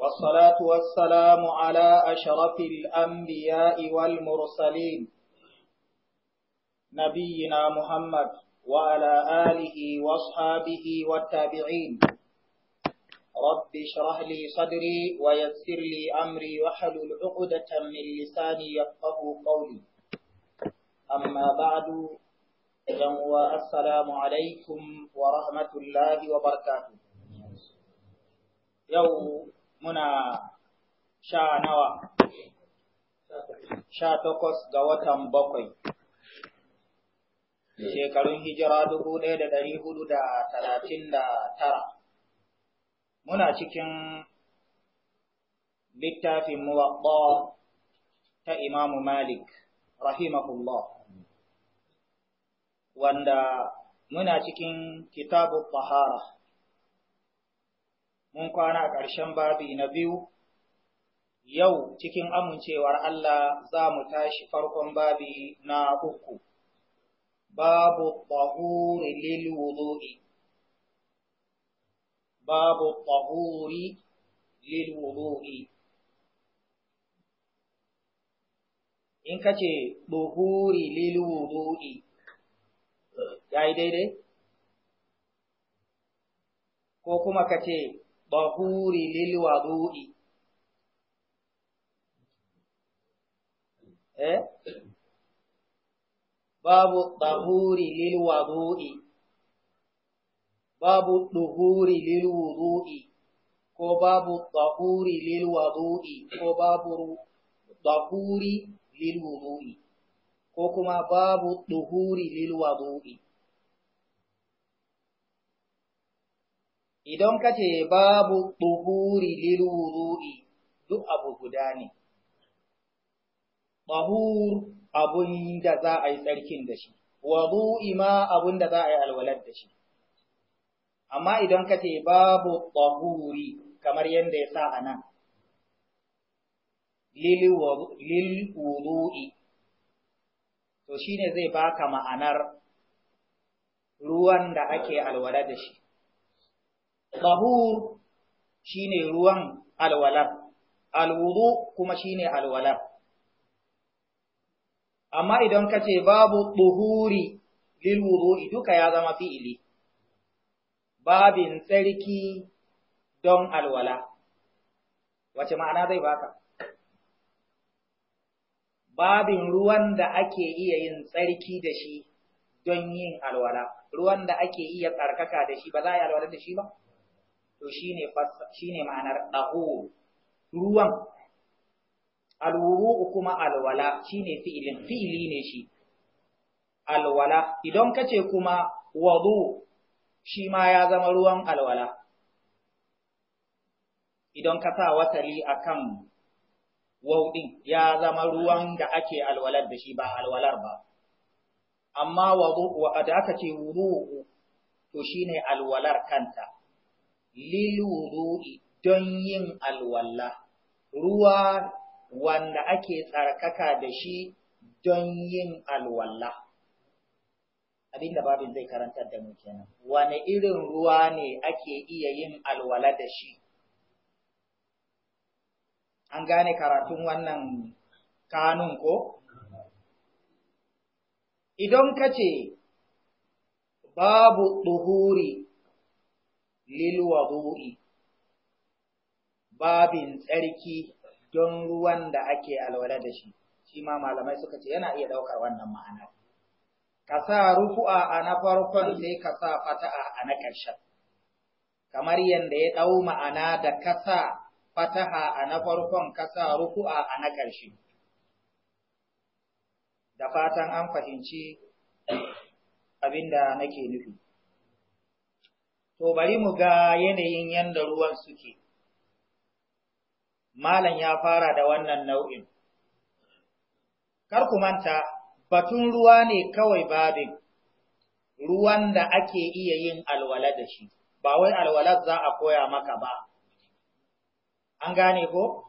والصلاة والسلام على أشرف الأنبياء والمرسلين نبينا محمد وعلى آله وصحابه والتابعين رب اشرح لي صدري ويسر لي أمري وحل العقدة من لساني يفقه قولي أما بعد السلام عليكم ورحمة الله وبركاته يوم muna sha nawa sha takwas ga watan bakwai shekarun hijira dubu ɗaya da ɗari hudu da talatin da tara muna cikin littafin muwaɓɓa ta imamu malik rahimahullah wanda muna cikin kitabu tahara mun kwana a ƙarshen babi na biyu, yau cikin amincewar Allah za mu tashi farkon babi na uku, babu ƙwahuri lil Babu In ka ce ɗuhuri lil ya yi daidai? Ko kuma ka ce bahuri lil wudu'i eh babu bahuri lil wudu'i babu duhuri lil wudu'i ko babu tahuri lil wudu'i ko babu tahuri lil kuma babu duhuri lil wudu'i idan ka ce babu ɗuhuri liruru’i duk abu guda ne tahur abun da za a yi tsarkin da shi wudu'i ma abun da za a yi alwalad da shi amma idan ka ce babu ɓahuri kamar yadda ya sa a nan lilwudu'i to ne zai baka ma'anar ruwan da ake alwala da shi Tahur shi ne ruwan alwalar, alwudu kuma shi ne alwalar. Amma idan ka ce babu tsuhuri lilwudu'i duka ya zama fi'ili, babin tsarki don alwala, wace ma'ana zai baka? Babin ruwan da ake iya yin tsarki da shi don yin alwala, ruwan da ake iya tsarkaka da shi ba za a yi alwala da shi ba? to shine shine ma'anar tahur ruwan alwuru kuma alwala shine fi'ilin fi'ili ne shi alwala idan kace kuma wudu shi ma ya zama ruwan alwala idan ka sa watali akan waw ya zama ruwan da ake alwalar da shi ba alwalar ba amma wudu da aka ce wudu to shine alwalar kanta lilwudu'i don yin alwala, ruwa wanda ake tsarkaka da shi don yin alwala. Abin da babin zai karanta da mu kenan. Wane irin ruwa ne ake iya yin alwala da shi? An gane karatun wannan kanun ko? Idan ka ce babu ɗuhuri lilwadu'i babin tsarki don ruwan da ake alwala da shi shi ma malamai suka ce yana iya ɗaukar wannan ma'ana Kasa sa rufu'a a na farkon sai kasa fata'a a na ƙarshen kamar yadda ya dau ma'ana da kasa sa fataha a na farkon ka sa rufu'a a na ƙarshe da fatan an fahimci abinda nake nufi To bari mu ga yanayin yanda ruwan suke. Malam ya fara da wannan nau'in. Kar ku manta, batun ruwa ne kawai babin, ruwan da ake iya yin alwala da shi, ba wai alwalar za a koya maka ba. An gane ko?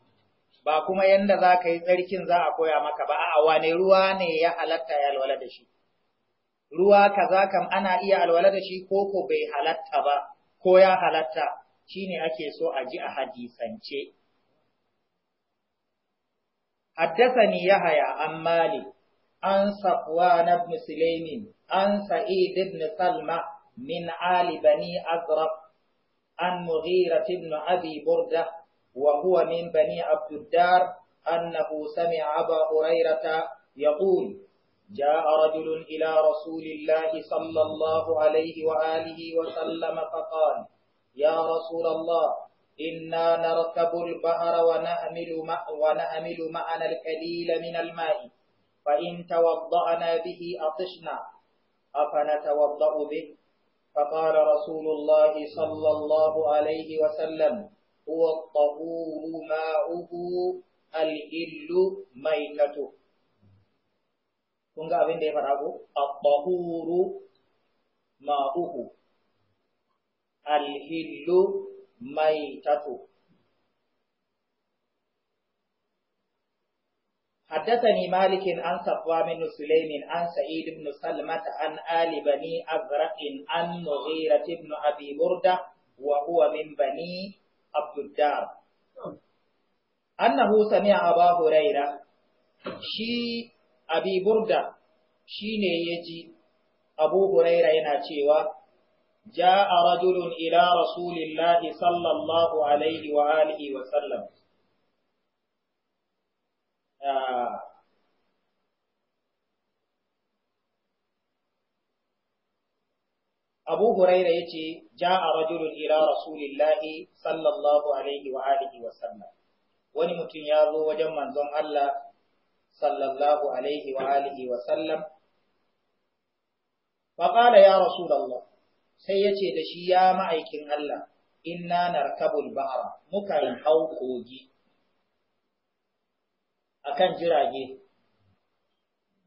Ba kuma yadda za ka yi tsarkin za a koya maka ba, a wane ruwa ne ya halatta ya alwala da shi. ruwa kaza kam ana iya alwala da shi ko ko bai halatta ba ko ya halatta shine ake so a ji a hadisance حدثني يحيى عن مالك عن صفوان بن سليم عن سعيد بن سلمة من آل بني أزرق عن مغيرة بن أبي بردة وهو من بني عبد الدار أنه سمع أبا هريرة يقول جاء رجل إلى رسول الله صلى الله عليه وآله وسلم فقال يا رسول الله إنا نركب البحر ونأمل, مع ونأمل معنا الكليل من الماء فإن توضأنا به أطشنا أفنتوضأ به فقال رسول الله صلى الله عليه وسلم هو الطهور ماؤه الإل ميتته kun ga abin da ya faɗa ko at-tahuru ma'uhu al-hillu maitatu حدثني مالك عن صفوان بن سليم عن سعيد بن سلمة عن آل بني أزرق عن مغيرة بن أبي بردة وهو من بني عبد الدار أنه سمع أبا هريرة شي abi burda ne yaji abu huraira yana cewa جاء رجل إلى رسول Abu Huraira ya ce, Ja a rajulun ila Rasulillahi sallallahu Alaihi wa alihi wa sallam, wani mutum ya zo wajen manzon Allah sallallahu alaihi wa alihi wa sallam faƙala ya rasulallah sai ya ce da shi ya ma'aikin Allah inna kabul bahra muka hau kogi akan jirage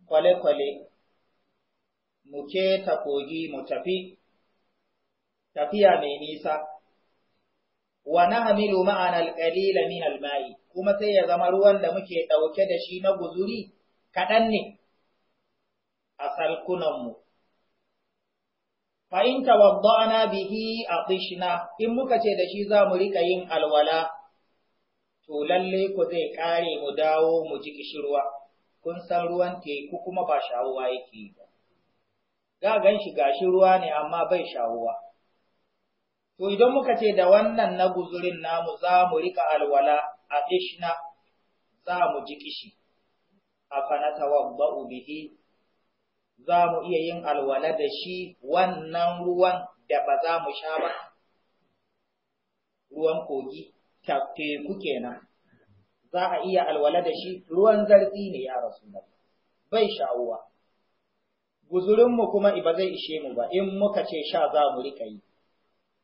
kwale-kwale mu ta kogi mu tafi tafiya mai nisa wa nahmilu ma'ana alqalila min alma'i kuma sai ya zama ruwan da muke ɗauke da shi na guzuri kaɗan ne a salkunanmu. Fa'in ana bihi a ƙishina, in muka ce da shi za mu riƙa yin alwala, to lalle ku zai kare mu dawo mu ji kishirwa, kun san ruwan teku kuma ba shawuwa yake yi ba. Ga gan shi shi ruwa ne amma bai shawuwa. To idan muka ce da wannan na guzurin namu za mu riƙa alwala, atishna za mu ji kishi afana tawabba'u bihi za mu iya yin alwala da shi wannan ruwan da ba za mu sha ba ruwan kogi teku kenan za a iya alwala da shi ruwan zartsi ne ya rasu bai sha'uwa guzurinmu kuma ba zai ishe mu ba in muka ce sha za mu rika yi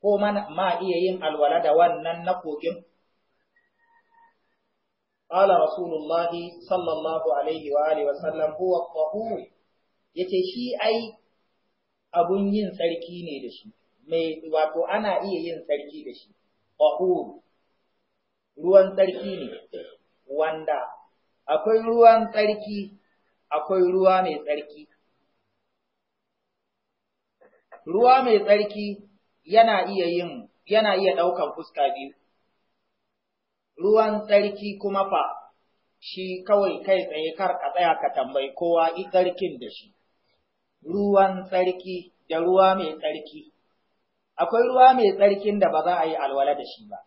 ko ma iya yin alwala da wannan na kogin قال رسول الله صلى الله عليه وآله وسلم هو الطهور yace shi ai abun yin tsarki ne da shi mai wato ana iya yin tsarki da shi tahur ruwan tsarki ne wanda akwai ruwan akwai ruwa mai tsarki ruwa mai tsarki yana iya yin yana iya ɗaukan fuska biyu ruwan tsarki kuma fa shi kawai kai tsaye kar ka tsaya ka tambayi kowa i tsarkin da shi. Ruwan tsarki da ruwa mai tsarki. Akwai ruwa mai tsarkin da ba za a yi alwala da shi ba.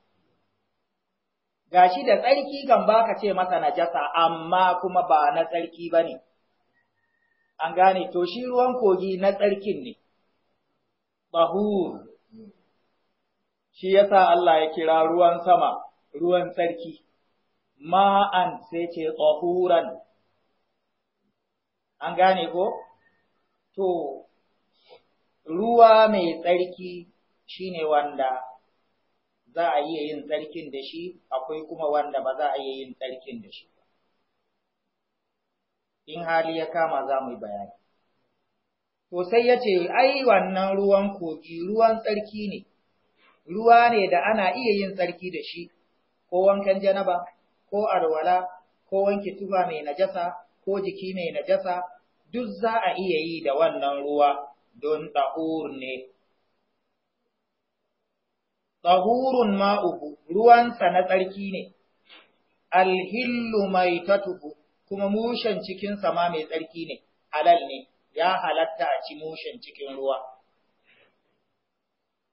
Gashi da tsarki kan baka ce masa najasa amma kuma ba na tsarki ba ne. An gane to shi ruwan kogi na tsarkin ne. Bahur. Shi yasa Allah ya kira ruwan sama ruwan tsarki, ma'an sai ce tsohuran, an gane ko? To, ruwa mai tsarki shine wanda za a iya yin tsarkin da shi, akwai kuma wanda ba za a iya yin tsarkin da shi In hali ya kama za mu yi bayani. To sai ya ce, ai wannan ruwan kogi ruwan tsarki ne, ruwa ne da ana iya yin tsarki da shi, ko wankan janaba ko alwala ko wanke tufa mai najasa ko jiki mai najasa duk za a iya yi da wannan ruwa don tahur ne tahurun ma'uhu ruwansa na tsarki ne alhillu mai tatuhu kuma mushen cikin sama mai tsarki ne halal ne ya halatta a ci mushen cikin ruwa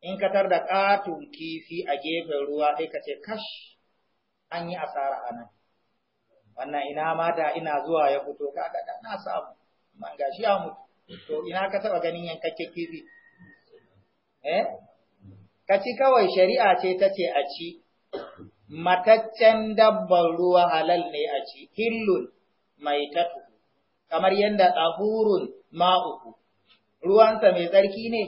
in ka tar da ƙatun kifi a gefen ruwa sai ka ce kash an yi asara a nan wannan ina ma da ina zuwa ya fito ga da na samu man gashi ya mutu to ina ka taɓa ganin yankakke kifi eh ci kawai shari'a ce ta ce a ci mataccen dabban ruwa halal ne a ci hillun mai tatu kamar yadda tsahurun ma'uku ruwansa mai tsarki ne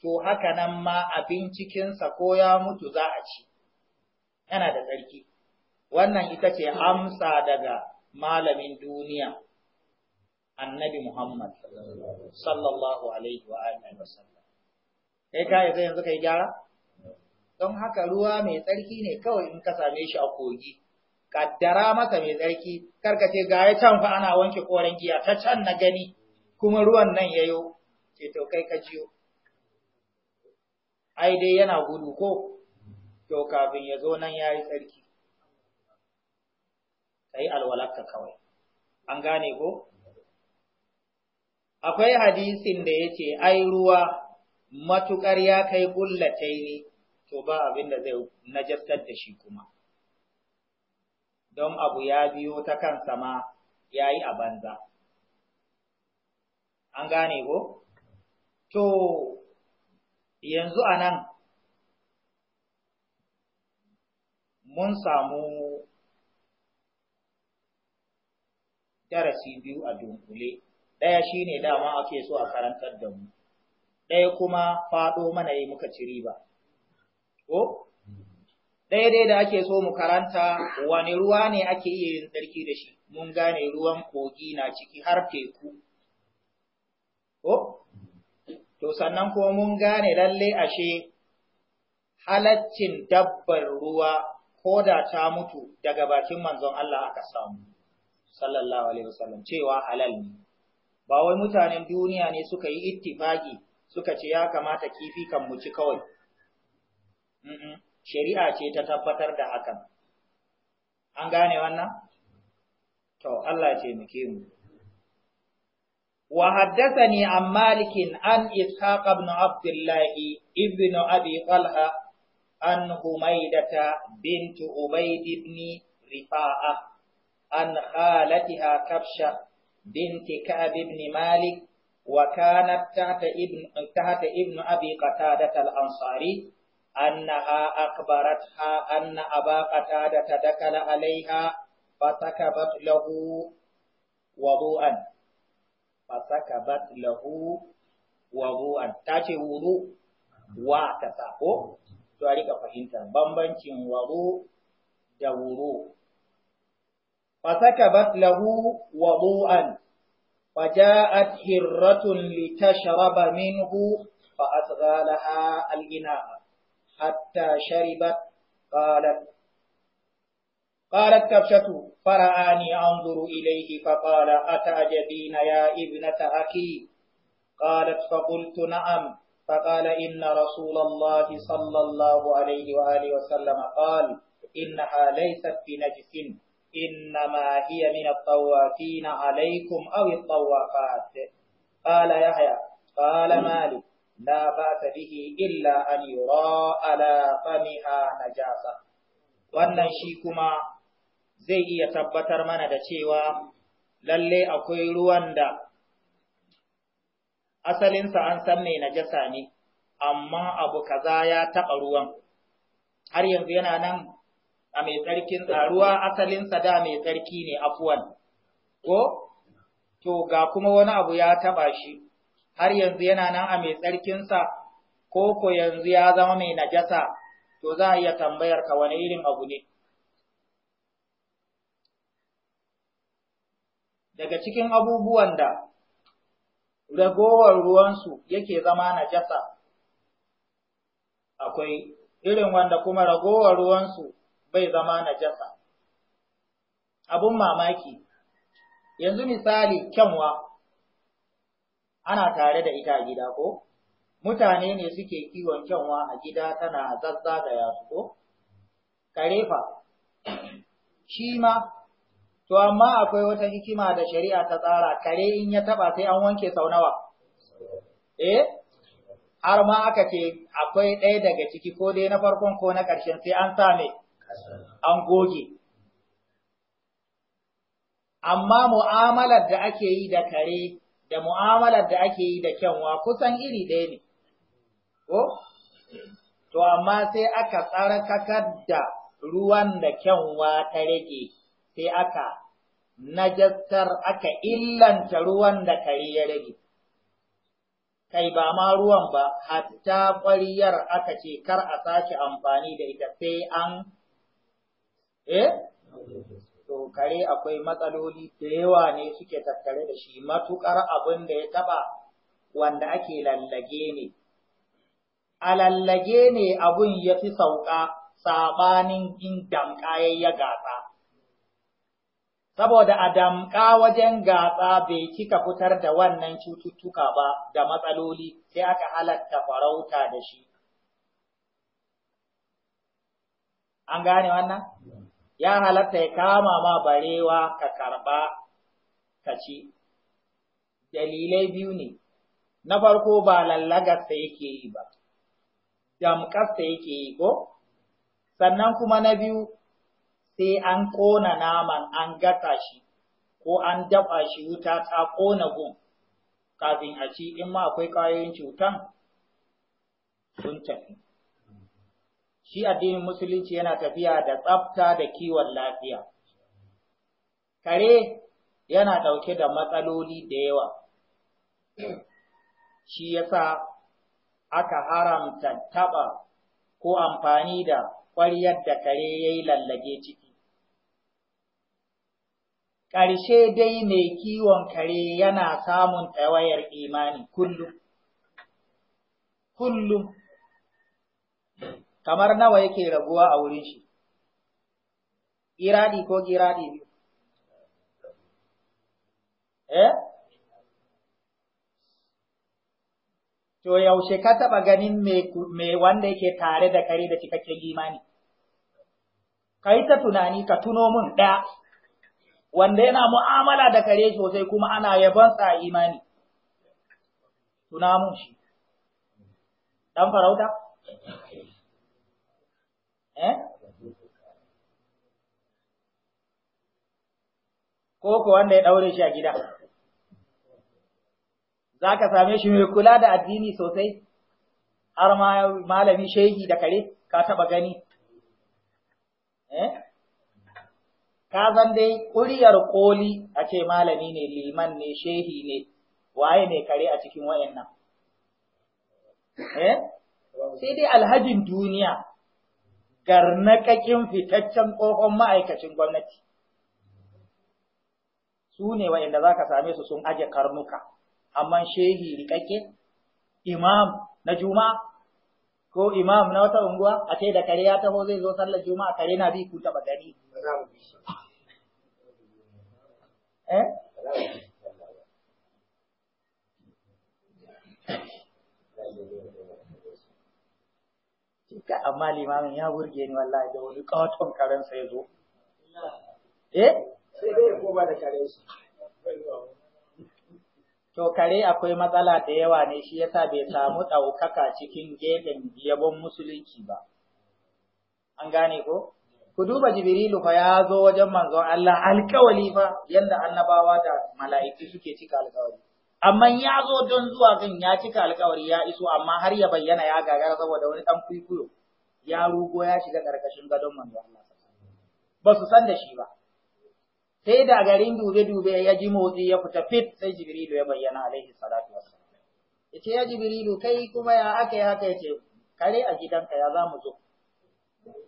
to haka nan ma abin cikinsa ko ya mutu za a ci yana da tsarki wannan ita ce amsa daga malamin duniya annabi Muhammad sallallahu alaihi wa alihi wasallam kai ka yi yanzu kai gyara don haka ruwa mai tsarki ne kawai in ka same shi a kogi kaddara masa mai tsarki karka ce ga ya can fa ana wanke koren giya ta can na gani kuma ruwan nan yayo ce to kai ka jiyo ai dai yana gudu ko to kafin ya zo nan yayi tsarki sai alwalaka kawai an gane ko akwai hadisin da yace ai ruwa matukar ya kai kullatai ne to ba abin da zai najasar da shi kuma don abu ya biyo ta kansa ma yayi a banza an gane ko to yanzu anan mun samu darasi biyu a dunkule ɗaya shine dama ake so a karantar da mu ɗaya kuma faɗo mana yi muka ci riba ko ɗaya dai da ake so mu karanta wani ruwa ne ake iya yin tsarki da shi mun gane ruwan kogi na ciki har teku ko to sannan kuma mun gane lalle ashe halaccin dabbar ruwa ko da ta mutu daga bakin manzon Allah aka samu sallallahu alaihi wasallam cewa halal ne ba wai mutanen duniya ne suka yi ittifaki suka ce ya kamata kifi kan mu ci kawai shari'a ce ta tabbatar da hakan an gane wannan to Allah ya taimake mu wa haddathani مالك an إسحاق بن Ibn الله ابن أبي طلحة an حميدة Bintu عبيد بن عن خالتها كبشة بنت كعب بن مالك وكانت تحت ابن, تحت ابن أبي قتادة الأنصاري أنها أخبرتها أن أبا قتادة دخل عليها فسكبت له وضوءا فسكبت له وضوءا تاتي وضوء واتسا ko to a rika da wuro فسكبت له وضوءا فجاءت هرة لتشرب منه فأصغى لها الإناء حتى شربت قالت قالت كبشته فرآني أنظر إليه فقال أتعجبين يا ابنة أخي قالت فقلت نعم فقال إن رسول الله صلى الله عليه وآله وسلم قال إنها ليست بنجس إنما هي من الطوافين عليكم أو الطوافات قال يحيى قال مالك لا بأس به إلا أن يرى على فمها نجاسة wannan shi kuma zai iya tabbatar mana da cewa lalle akwai ruwan da asalinsa an san mai najasa ne amma abu kaza ya taɓa ruwan har yanzu yana nan a mai tsarkin tsaruwa, asalin da mai tsarki ne afuwan. Ko? To ga kuma wani abu ya taɓa shi, har yanzu yana nan a mai tsarkinsa, ko ko yanzu ya zama mai najasa, to za a iya tambayar ka wani irin abu ne. Daga cikin abubuwan da ragowar ruwansu yake zama najasa, akwai irin wanda kuma ragowar ruwansu bai zama na jasa. abun mamaki yanzu misali kyanwa ana tare da ita gida ko mutane ne suke kiwon kyanwa a gida tana zazzagaya su ko karefa shi ma to amma akwai wata hikima da shari'a ta tsara kare in ya taba sai an wanke sau nawa eh har ma aka ce akwai ɗaya daga ciki ko dai na farkon ko na ƙarshen sai an sa an goge amma mu'amalar da ake yi da kare da mu'amalar da ake yi da kyanwa kusan iri ɗaya ne ko to amma sai aka tsarkakar da ruwan da kyanwa ta rage sai aka najastar aka illanta ruwan da kare ya rage. Kai ba ma ruwan ba, hatta ƙwariyar aka ce kar a sake amfani da ita sai an eh to kare akwai matsaloli da yawa ne suke tattare da shi matukar abin da ya taba wanda ake lallage ne a lallage ne abun ya fi sauka sabanin in damka ya gatsa saboda a damƙa wajen gatsa bai cika fitar da wannan cututtuka ba da matsaloli sai aka halatta farauta da shi. An gane wannan? ya halatta ya kama ma barewa ka karba ka ci. Dalilai biyu ne, na farko ba lallagarsa yake yi ba, damƙarsa yake yi ko? Sannan kuma na biyu sai an ƙona naman an gasa shi ko an dafa shi wuta ta ƙona gun kafin a ci in ma akwai ƙwayoyin cutan sun tafi. shi addinin musulunci yana tafiya da tsafta da kiwon lafiya kare yana ɗauke da matsaloli da yawa shi yasa aka haramta taɓa ko amfani da ƙwaryar da kare ya yi lallage ciki ƙarshe dai mai kiwon kare yana samun tsawayar imani kullum kullum kamar nawa yake raguwa a wurin shi iradi ko giradi eh to yaushe ka taba ganin me me wanda yake tare da kare da cikakken imani kai ta tunani ka tuno mun ɗaya wanda yana mu'amala da kare sosai kuma ana yabon sa imani tuna mun shi dan farauta Eh? Ko ko wanda ya ɗaure shi a gida. Za ka same shi mai kula da addini sosai, har malami shehi da kare ka taɓa gani. Eh? Ka zan dai ƙuriyar koli a ce malami ne, liman ne, shehi ne, waye ne kare a cikin wa'yan nan. Eh? Sai dai alhajin duniya. garnakakin fitaccen tsohon ma'aikacin gwamnati. Su ne wa'inda za ka same su sun aje karnuka, amma shehi rikakke, imam na juma'a, ko imam na wata unguwa, a ce da kare ya taho zai zo sallar juma'a kare na bi ku taɓa Eh? ka amma limamin ya burge ni wallahi da wani katon karen sai zo. eh sai dai ko ba da kare shi to kare akwai matsala da yawa ne shi yasa bai samu ɗaukaka cikin gefen yabon musulunci ba an gane ko ku duba jibrilu fa ya zo wajen manzon Allah alƙawali fa yanda annabawa da mala'iku suke cika alƙawari. amma ya zo don zuwa kan ya cika alkawari ya iso amma har ya bayyana ya gagara saboda wani dan kuikuyo ya rugo ya shiga karkashin gadon manzo Allah ba su san da shi ba sai da garin dube dube ya ji motsi ya fita fit sai jibrilu ya bayyana alaihi salatu wassalam yace ya jibrilu kai kuma ya aka haka yace kare a gidanka ya za mu zo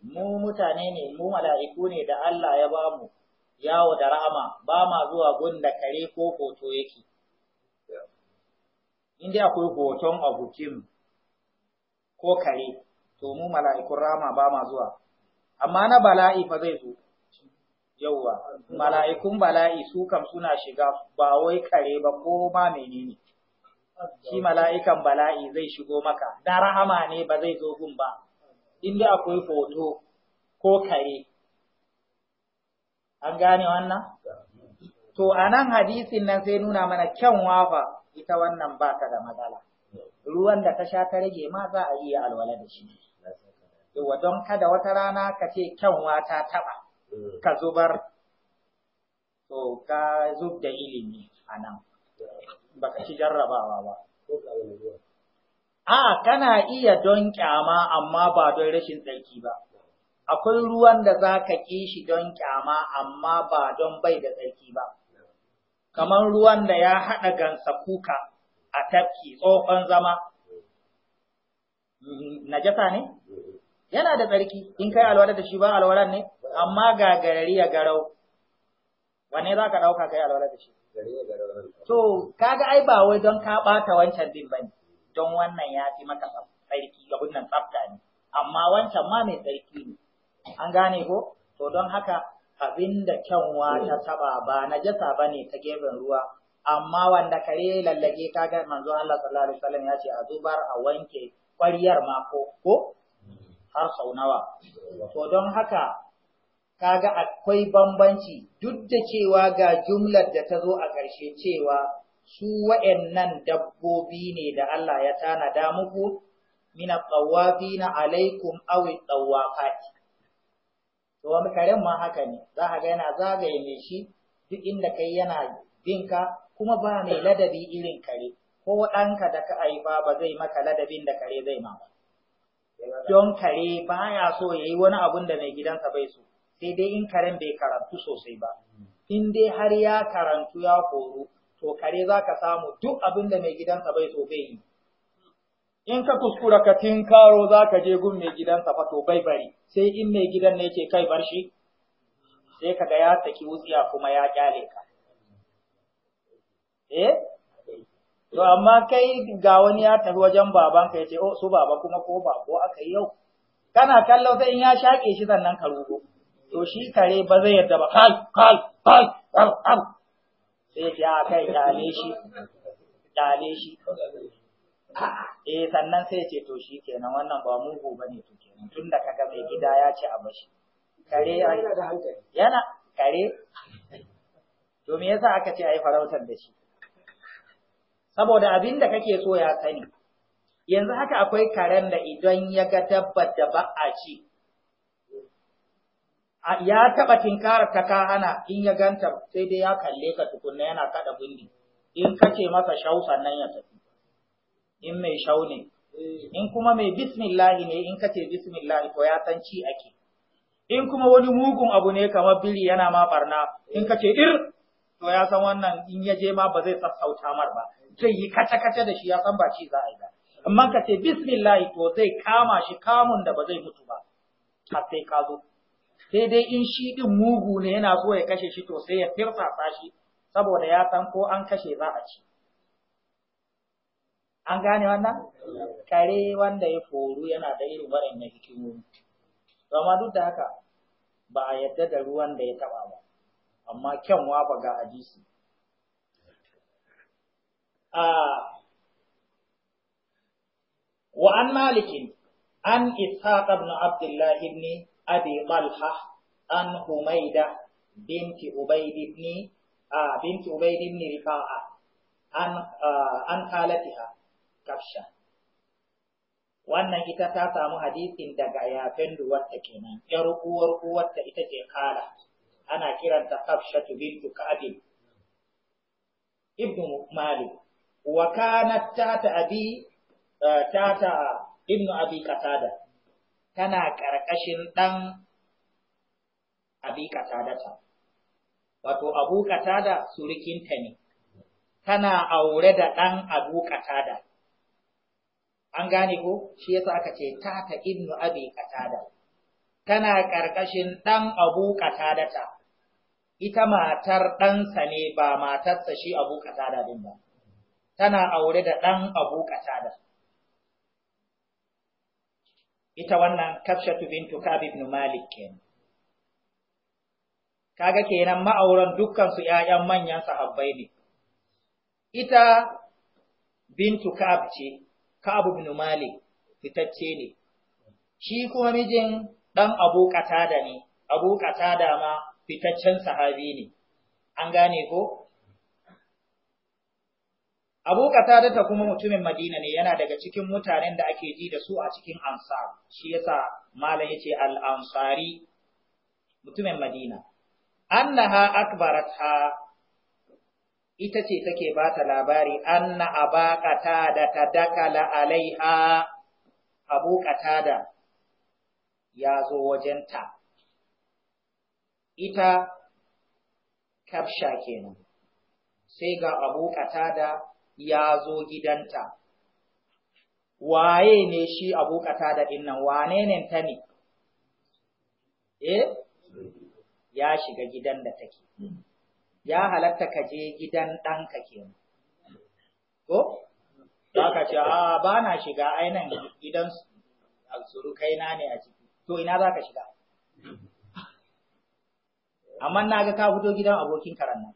mu mutane ne mu mala'iku ne da Allah ya bamu yawo da rahama ba ma zuwa gun kare ko hoto yake in dai akwai hoton abokin ko kare to mu mala'ikun rama ba ma zuwa amma na bala'i fa zai zo yauwa mala'ikun bala'i su kam suna shiga ba wai kare ba ko ma menene shi mala'ikan bala'i zai shigo maka na rahama ne ba zai zo gun ba in dai akwai hoto ko kare an gane wannan to anan hadisin nan sai nuna mana kyan wafa ita wannan ba ta da matsala ruwan da ta sha ta rage ma za a iya alwala da shi yawa don kada wata rana ka ce kyanwa ta taba ka zubar to ka zub da ilimi a nan Ba ka ci jarrabawa ba a kana iya don kyama amma ba don rashin tsarki ba akwai ruwan da za ka ƙi shi don kyama amma ba don bai da tsarki ba kamar ruwan da ya haɗa gansa kuka a tafki tsohon zama. Mm-hmm. Najasa ne? Yana da tsarki, in kai alwada da shi ba alwadan ne, amma ga garari ya garau. Wane za ka ɗauka kai alwada da shi? To, kaga ai ba wai don ka ɓata wancan din ba ne, don wannan ya fi maka tsarki, ga wannan tsafta ne, amma wancan ma mai tsarki ne. An gane ko? To, don haka abinda kyanwa ta hmm. taba ba na jasa ba ne ta gefen ruwa amma wanda kare lallage kaga manzo Allah sallallahu alaihi wasallam ya ce a zubar a wanke kwariyar ma ko ko har sau nawa to don haka ka ga akwai bambanci duk da cewa ga jumlar da ta zo a ƙarshe cewa su wa'annan dabbobi ne da Allah ya tanada muku min tawafina alaikum aw tawafati to wani karen ma haka ne za a ga yana zagaye mai shi duk inda kai yana binka kuma ba mai ladabi irin kare ko ɗanka da ka haifa ba zai maka ladabin da kare zai ma don kare baya so ya yi wani abun da mai gidansa bai so sai dai in karen bai karantu sosai ba in dai har ya karantu ya koru to kare za ka samu duk abin da mai gidansa bai so bai yi in ka kuskura ka tin karo za ka je gun mai gidansa fa to bai bari sai in mai gidan ne ke kai bar shi sai kaga ya saki wutsiya kuma ya kyale ka eh to amma kai ga wani ya tafi wajen babanka ya ce oh su baba kuma ko ba ko aka yi yau kana kallo sai in ya shake shi sannan ka rugo to shi kare ba zai yarda ba kal kal kal kal sai ya kai kale shi kale shi eh sannan sai ce to shi kenan wannan ba mugu ba ne to kenan tun da kaga mai gida ya ci a bashi kare yana yana kare to me yasa aka ce ai farautar da shi saboda abin da kake so ya sani yanzu haka akwai karen da idan ya ga dabbar da ba a ci ya taɓa tinkarar ta ka hana in ya ganta sai dai ya kalle ka tukunna yana kaɗa bindi in kace masa shau sannan ya tafi in mai shau in kuma mai bismillahi ne in kace bismillahi to ya san ci ake in kuma wani mugun abu ne kamar biri yana ma barna in kace ir to ya san wannan in ya je ma ba zai sassauta mar ba zai yi kace kace da shi ya san ba ci za a yi ba amma ka ce bismillahi to zai kama shi kamun da ba zai mutu ba har sai ka zo sai dai in shi ɗin mugu ne yana so ya kashe shi to sai ya firsa shi saboda ya san ko an kashe za a ci an gane wannan kare wanda ya foru yana da irin waɗannan hikimomi amma duk da haka ba a yadda da ruwan da ya taba ba amma kyanwa ba ga hadisi a wa an malikin an ishaq ibn abdullah ibn abi Malha, an humaida binti ubayd ibn آه بنت عبيد بن kafsha wannan ita ta samu hadisin daga yafen duwarta kenan yar uwar ta ita ke kala ana kiranta tu bintu ka'ab ibnu malik wa kanat tata abi eh, tata ibnu abi qatada tana karkashin dan abi qatada ta wato abu katada surukinta ne, tana aure da ɗan abu katada, an gane ko shi yasa aka ce ta ta ibnu abi qatada tana karkashin dan abu ta. ita matar ɗansa ne ba matarsa shi abu qatada din ba tana aure da dan abu qatada ita wannan kafshatu bintu kab ibn malik kenan kaga kenan ma'auran dukkan su ƴaƴan manyan sahabbai ne ita bintu kab ce Kabu bin Malik fitacce ne shi kuma mijin ɗan Abu Qatada ne Abu Qatada ma fitaccen sahabi ne an gane ko Abu Qatada ta kuma mutumin Madina ne yana daga cikin mutanen da ake ji da su a cikin Ansar shi yasa malam yace al-Ansari mutumin Madina annaha ha ita ce take ba ta labari anna abaƙata da ta dakala alaiha abu qatada ya zo wajenta ita kafsha kenan sai ga abu qatada ya zo gidanta waye ne shi abu da din nan wane ne ta ne eh ya shiga gidan da take ya halatta ka je gidan ɗanka mu. Ko? Za ka ce, a ba na shiga ainihin gidan surukai na ne a ciki, to ina za ka shiga? Amma na ga ka fito gidan abokin karan nan.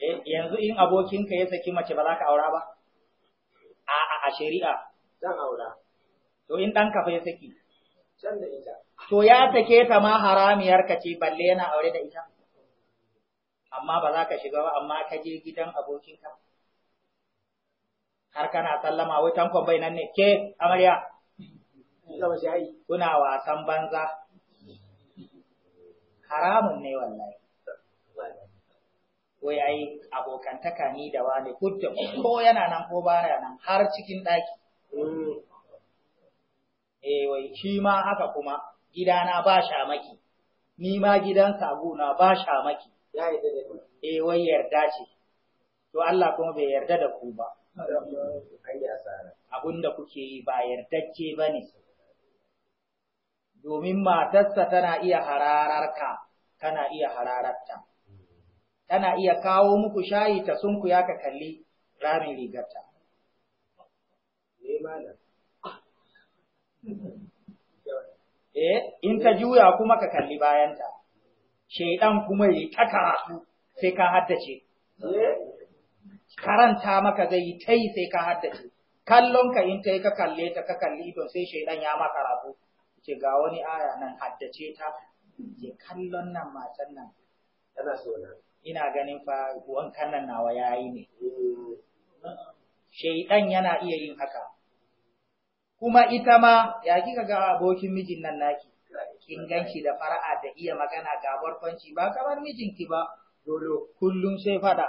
Eh, yanzu in abokinka ya saki mace ba za ka aura ba? A a shari'a. Zan aura. To in ɗanka fa ya saki? Can da ita. To ya sake ta ma haramiyar ka ce balle yana aure da ita? amma ba za ka shiga ba amma ka je gidan abokinka har kana sallama wai tankon bai nan ne ke amarya kuna wasan banza haramun ne wallahi wai ai abokantaka ni da wani kudda ko yana nan ko baya nan har cikin ɗaki eh wai shi ma haka kuma gidana ba shamaki ni ma gidan sabuna ba shamaki eh wai yarda ce to Allah kuma bai yarda da ku ba abinda kuke yi ba yardacce ba ne domin matarsa tana iya harararka kana iya harararta tana iya kawo muku shayi ta sunku ya ka kalli ramin rigarta eh, eh in ta juya kuma ka kalli bayanta shaidan kuma ya ta karatu sai ka haddace eh? karanta maka zai yi ta yi sai ka haddace kallon ka in ta yi ka kalle ta ka kalli idon sai shaidan ya maka rabu ce ga wani aya nan haddace ta ce kallon nan matan nan tana so ina ganin fa wankan nan nawa yayi ne eh. shaidan yana iya yin haka kuma ita ma ya kika ga abokin mijin nan naki inganci da fara'a da iya magana ga barkwanci ba kamar mijinki ba dole kullum sai fada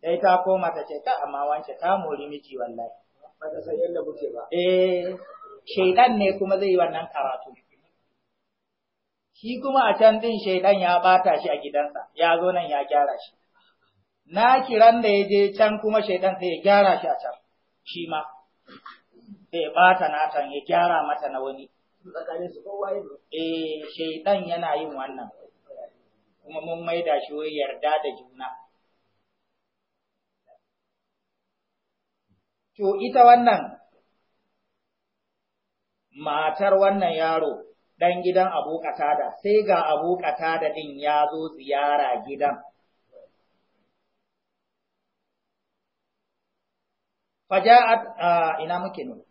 sai ta koma ta ce ta amma wance ta mori miji wallahi ba ta san yadda kuke ba eh shaidan ne kuma zai yi wannan karatu shi kuma a can din shaidan ya bata shi a gidansa ya zo nan ya gyara shi na kiran da ya je can kuma shaidan sai ya gyara shi a can shi ma sai ya bata natan ya gyara mata na wani Eh, shaidan yana yin wannan, kuma mun maida shi wai yarda da juna. To, ita wannan matar wannan yaro ɗan gidan abu da, sai ga abu da ɗin ya zo ziyara gidan. Faja'at ah, ina muke nuna?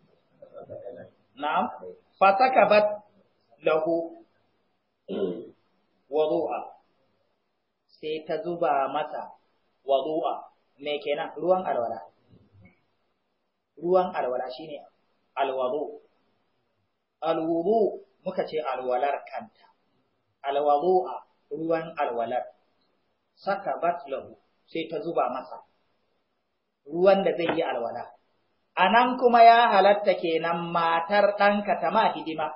Na'am? bat lahu wadu'a sai ta zuba masa wadu'a me kenan ruwan alwala ruwan alwala shine alwadu alwudu muka ce alwalar kanta alwadu'a ruwan alwalar bat lahu sai ta zuba masa ruwan da zai yi alwala Anan kuma ya halatta kenan matar ɗanka ta ma hidima.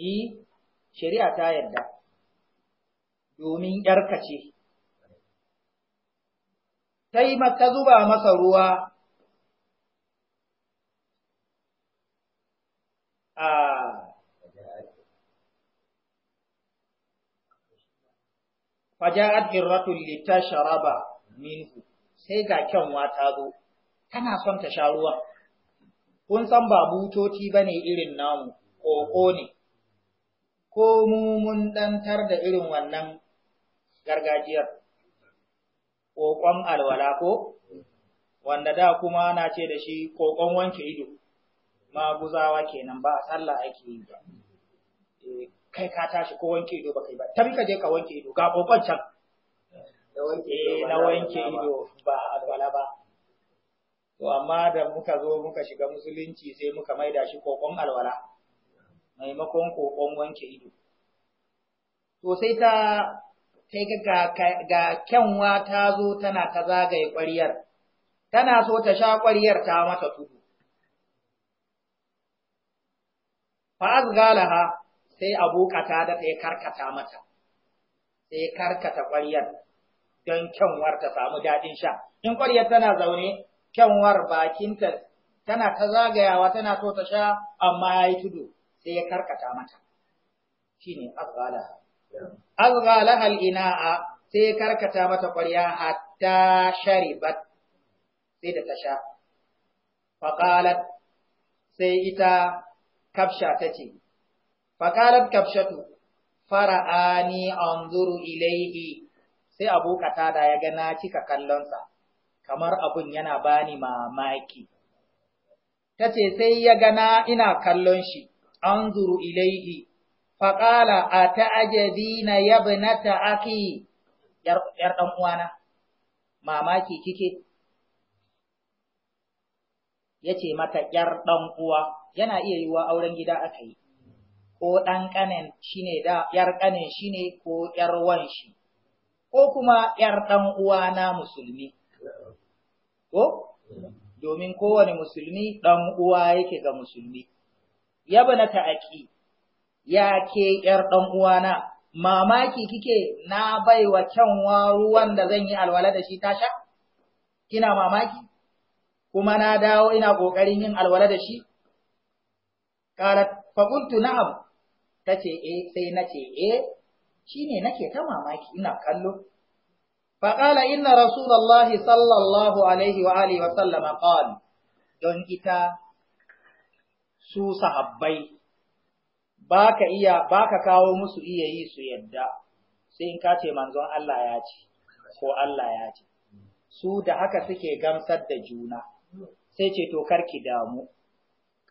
Yi, shari'a ta yarda, domin ‘yarka ce, sai ka zuba masa ruwa a faja'ad hirratun littashara ba minhu. sai ga kyanwa ta zo tana son ta sha ruwan kun san ba butoci ba ne irin namu ƙoƙo ne ko mu mun ɗantar da irin wannan gargajiyar ƙoƙon alwala ko wanda da kuma ana ce da shi ƙoƙon wanke ido maguzawa kenan ba a sallah ake yi ba eh, kai ka tashi ko wanke ido ba kai ba tabi ka je ka wanke ido ga ƙoƙon can na wanke eh, ido ba alwala ba to amma da muka zo muka shiga musulunci sai muka maida shi kokon alwala maimakon kokon wanke ido to sai ta sai ga ga kyanwa ta zo tana ta zagaye ƙwaryar tana so ta sha ƙwaryar ta mata tudu fa azgalaha sai abokata da ta karkata mata sai karkata ƙwaryar don kyanwar ta samu daɗin sha. In ƙwaryar tana zaune, kyanwar bakinta tana ta zagayawa tana so ta sha amma ya yi tudu sai ya karkata mata. Shi ne azgala. ina'a sai ya karkata mata ƙwarya hatta sharibat sai da ta sha. Faƙalat sai ita kafsha ta ce, Faƙalat kafshatu fara'ani anzuru ilaihi sai abu da ya gana na cika kallonsa kamar abun yana bani mamaki ta ce sai ya gana ina kallon shi an zuru ilaihi faƙala a ta'ajabi na yabna ta aki ‘yar uwana, mamaki kike ya ce mata ‘yar uwa yana iya yiwa auren gida aka yi ko ɗan ƙanin shi ne ‘yar ƙanin shi ne ko ‘yar wan shi ko kuma ‘yar ɗan uwana musulmi, ko? Domin kowane musulmi ɗan uwa yake ga musulmi. Yaba na ta'aƙi, ya ke ‘yar ɗan uwana, mamaki kike na baiwa kyanwa ruwan da zan yi alwala da shi tasha? Kina mamaki? Kuma na dawo ina ƙoƙarin yin alwala da shi? Ƙarar faƙuntu na'am, ta ce, eh, sai na ce, eh. shine nake ta mamaki ina kallo fa qala inna rasulullahi sallallahu alaihi wa alihi wa sallama qala don ita su sahabbai baka iya baka kawo musu iya yi su yadda sai in ka ce manzon Allah ya ce ko Allah ya ce su da haka suke gamsar da juna sai ce to karki damu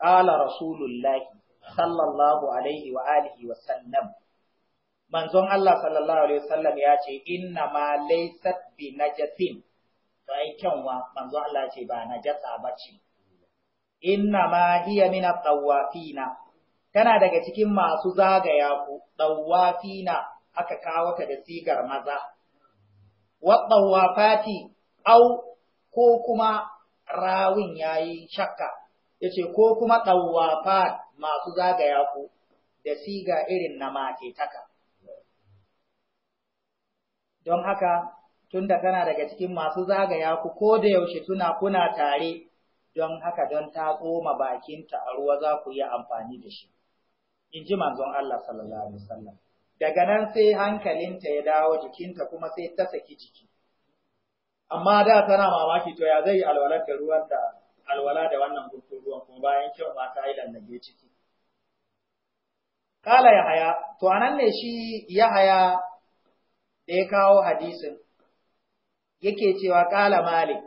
qala rasulullahi sallallahu alaihi wa alihi wa sallam manzon Allah sallallahu alaihi wasallam ya ce inna ma laysat bi najasin to ai kyanwa manzon Allah ce ba najasa bace inna ma hiya min at-tawafina tana daga cikin masu zagaya ku tawafina aka kawo ta da sigar maza wa tawafati au ko kuma rawin yayi shakka yace ko kuma tawafat masu zagaya ku da siga irin na mate taka don haka tunda kana daga cikin masu zagaya ku ko da yaushe tuna kuna tare don haka don ta tsoma bakinta a ruwa za ku yi amfani da shi in ji manzon Allah sallallahu alaihi wasallam daga nan sai hankalinta ya dawo jikinta kuma sai ta saki jiki amma da tana mamaki to ya zai alwala da ruwan da alwala da wannan guntun ruwan kuma bayan kyau ba ta yi lallage ciki kala haya. to anan ne shi ya haya. da ya kawo hadisin yake cewa ƙala malik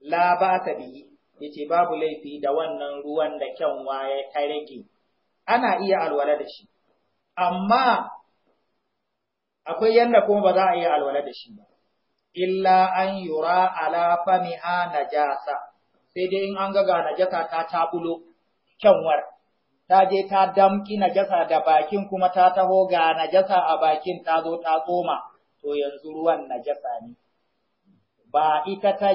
la ba ta ya yace babu laifi da wannan ruwan da kyanwa ya ta rage ana iya alwala da shi amma akwai yadda kuma ba za a iya alwala da shi ba illa an yura ala famiha najasa sai dai in an ga ga najasa ta tabulo kyanwar ta je ta damƙi najasa da bakin kuma ta taho ga najasa a bakin ta zo ta tsoma, to yanzu ruwan najasa ne. Ba ita ta,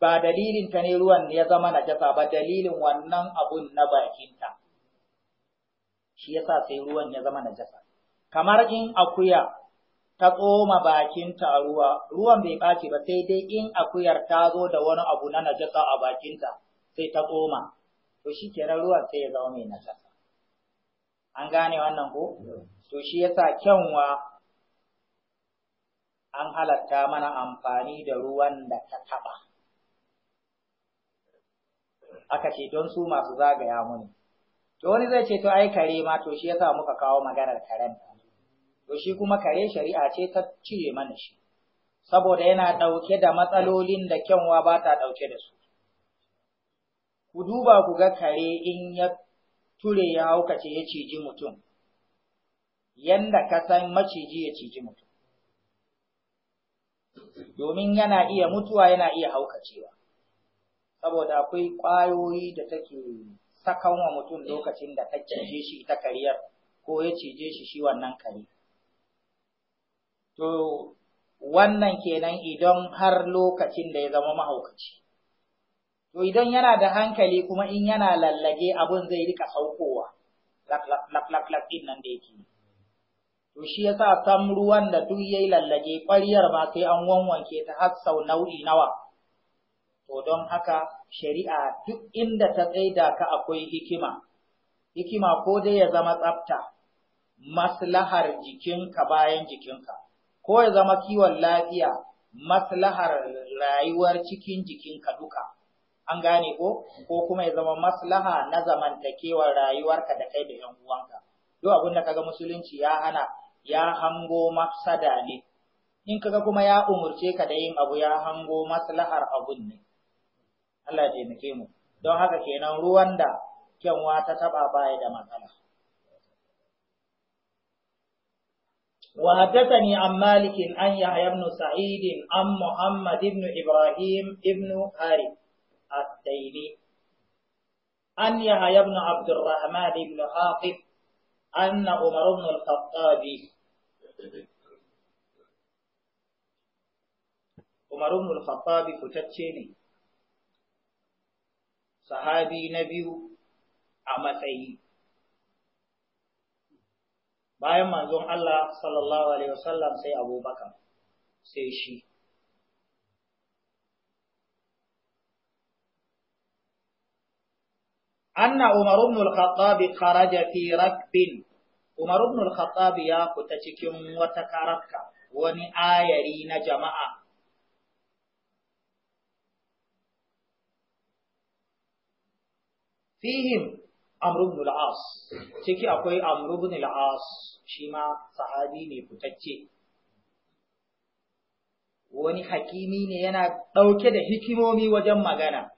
ba dalilin ta ne ruwan ya zama najasa ba dalilin wannan abun na bakinta. Shi yasa sai ruwan ya zama najasa. Kamar in akuya ta tsoma bakinta a ruwa, ruwan bai ɓaci ba sai dai in akuyar ta zo da wani abu na najasa a bakinta sai ta tsoma, to shi kenan ruwan sai ya zama mai najasa. an gane wannan ko to shi yasa kyanwa an halatta mana amfani da ruwan da ta taba aka ce don su masu zagaya muni. to wani zai ce to ai kare ma to shi yasa muka kawo maganar karen to shi kuma kare shari'a ce ta cire mana shi saboda yana dauke da matsalolin da kyanwa ba ta dauke da su. Ku duba ku ga kare in ya ture ya haukace ya ciji mutum, yadda ka san maciji ya ciji mutum. Domin yana iya mutuwa yana iya haukacewa, saboda akwai ƙwayoyi da take sakan wa mutum lokacin da ta cije shi ta kariyar ko ya cije shi shi wannan kari. To, wannan kenan idan har lokacin da ya zama mahaukaci. to idan yana da hankali kuma in yana lallage abun zai rika saukowa laklak din nan da yake to shi sa sam ruwan da duk yayi lallage ƙwaryar ma sai an wanwanke ta har sau nau'i nawa to don haka shari'a duk inda ta tsaida ka akwai hikima hikima ko dai ya zama tsafta maslahar jikinka bayan jikinka ko ya zama kiwon lafiya maslahar rayuwar cikin jikinka duka an gane ko ko kuma ya zama maslaha na zamantakewar rayuwarka da kai da 'yan uwanka duk abin da kaga musulunci ya hana ya hango mafsada ne in kaga kuma ya umurce ka da yin abu ya hango maslahar abun ne Allah ya taimake mu don haka kenan ruwan da kyanwa ta taba baya da matsala وحدثني عن مالك an يحيى بن سعيد عن محمد بن ابراهيم بن حارث التيمي عن يحيى بن عبد الرحمن بن عاقب أن عمر بن الخطاب عمر بن الخطاب فتشيني صحابي نبي أمتي بايا منزوم الله صلى الله عليه وسلم سي أبو بكر سي شيخ anna Umar ibn al-Khattab kharaja fi rakbin Umar ibn al-Khattab ya fita cikin wata karafka wani ayari na jama'a fihim Amr ibn al-As ciki akwai Amr ibn al-As shi ma sahabi ne fitacce wani hakimi ne yana ɗauke da hikimomi wajen magana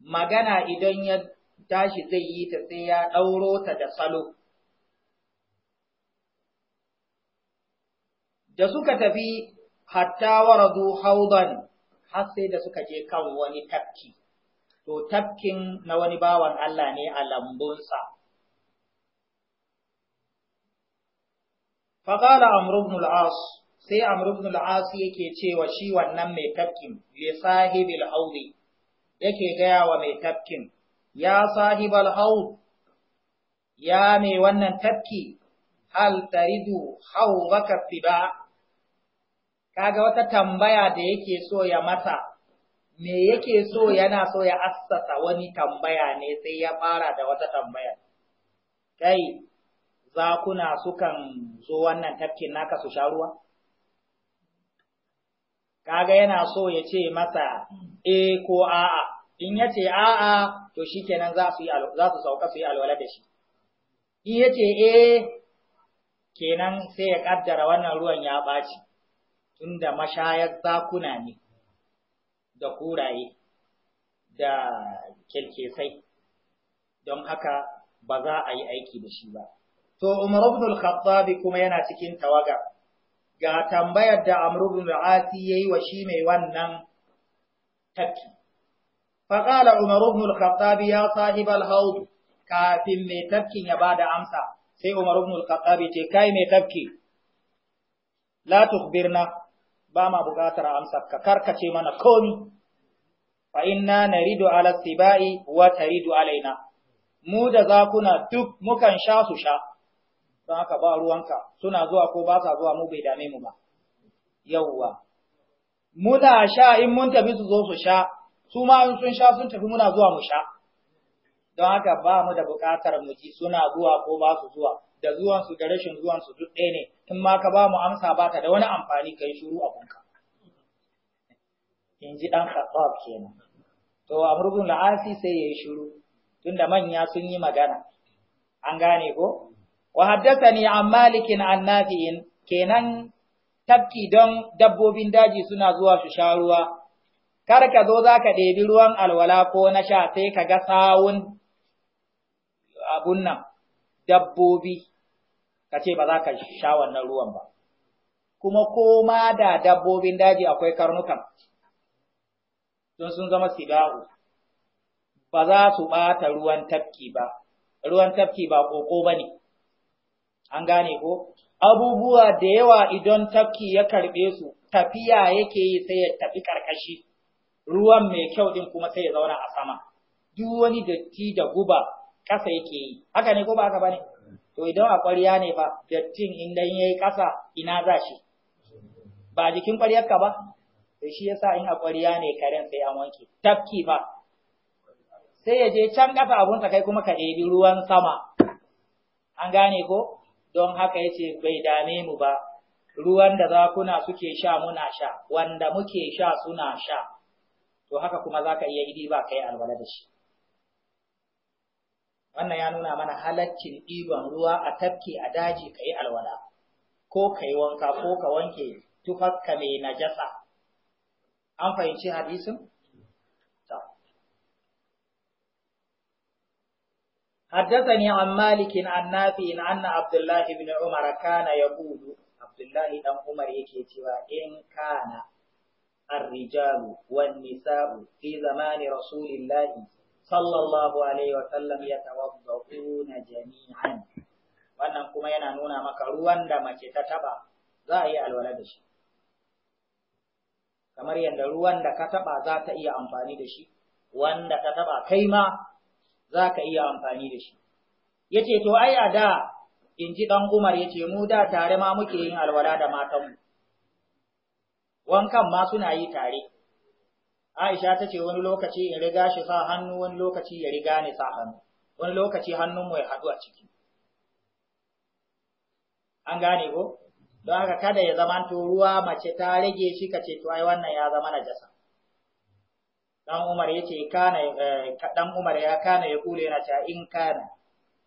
magana idan ya tashi zai yi ta sai ya ɗauro ta da salo. Da suka tafi hatta waradu haudan har sai da suka je kan wani tafki, to tafkin na wani bawan Allah ne a lambunsa. Faƙala Amru ibn as sai Amru as yake cewa shi wannan mai tafkin li sahibil haudi yake gaya wa mai tafkin, Ya sahibal haud, ya mai wannan tafki, hal taridu hau baka ba, kaga wata tambaya da yake so ya mata, me yake so yana so ya assasa wani tambaya ne sai ya fara da wata tambaya. Kai, za zakuna sukan zo wannan tafkin naka su sha ruwa? kaga yana so ya ce masa e ko a'a in ya ce a'a to shikenan za za su sauka su yi alwala da shi in ya ce e kenan sai ya kaddara wannan ruwan ya ɓaci tunda mashayar zakuna ne da kuraye da kyalkesai don haka ba za a yi aiki da shi ba. To, Umar ibn al-Khattabi kuma yana cikin tawagar. ga tambayar da amru bin ya yi yayi wa shi mai wannan tafki فقال عمر بن ya يا صاحب الحوض kafin mai tafkin ya bada amsa sai Umar ibn al ce kai mai tafki la birna ba ma bukatar amsa ka karkace mana komi fa inna naridu ala sibai wata taridu alaina mu da zakuna duk mukan sha su sha don haka ba ruwanka suna zuwa ko ba sa zuwa mu bai dame mu ba yawwa muna sha in mun tafi su zo su sha su ma in sun sha sun tafi muna zuwa mu sha don haka ba mu da buƙatar mu ji suna zuwa ko ba su zuwa da zuwan su da rashin zuwan su duk ɗaya ne in ma ka ba mu amsa ba ta da wani amfani kai a abunka in ji ɗan khattab kenan to amrubun la'asi sai ya yi shuru, tunda manya sun yi magana an gane ko wa haddathani an malikin an nafi'in kenan tafki don dabbobin daji suna zuwa su sha ruwa kar ka zo zaka ɗebi ruwan alwala ko na sha sai ka ga sawun abun nan dabbobi ka ce ba za ka sha wannan ruwan ba kuma koma da dabbobin daji akwai karnukan don sun zama sigahu ba za su ɓata ruwan tafki ba ruwan tabki ba ƙoƙo ba ne an gane ko abubuwa da yawa idan tafki ya karbe su tafiya yake yi sai ya tafi karkashi ruwan mai kyau din kuma sai ya zauna a sama duk wani datti da guba kasa yake yi haka ne ko ba haka bane to idan a ƙwarya ne fa dattin in dan yayi kasa ina za shi ba jikin ka ba Sai shi yasa in a ƙwarya ne karen sai an wanke tafki ba sai ya je can kafa abun sa kai kuma ka ɗebi ruwan sama an gane ko don haka yace bai dame mu ba ruwan da zakuna suke sha muna sha wanda muke sha suna sha to haka kuma zaka iya idi ba kai alwala da shi wannan ya nuna mana halaccin ɗiban ruwa a tafki a daji kai alwala ko kai wanka ko ka wanke tufafka mai najasa an fahimci hadisin حدثني عن مالك عن نافع أن عبد الله بن عمر كان يقول عبد الله بن عمر يكتب إن كان الرجال والنساء في زمان رسول الله صلى الله عليه وسلم يتوضؤون جميعا wannan kuma yana nuna maka ruwan da mace ta taba za a yi alwala da shi kamar yadda ruwan da ka taba za ta iya amfani da shi wanda ka taba kai ma za ka iya amfani da shi. Ya ce, To, ai, a da, in ji ɗan Umar ya ce, mu da tare ma muke yin alwala da matanmu, wankan ma suna yi tare. Aisha ta ce wani lokaci in riga shi sa hannu, wani lokaci ya riga ni sa hannu, wani lokaci hannunmu ya haɗu a ciki. An gane ko? Don haka kada ya zamanto ruwa mace ta rage shi ka ce, To, ai, wannan ya zama na jasa. dan Umar yace kana eh, dan Umar ya kana ya kula yana cewa in kana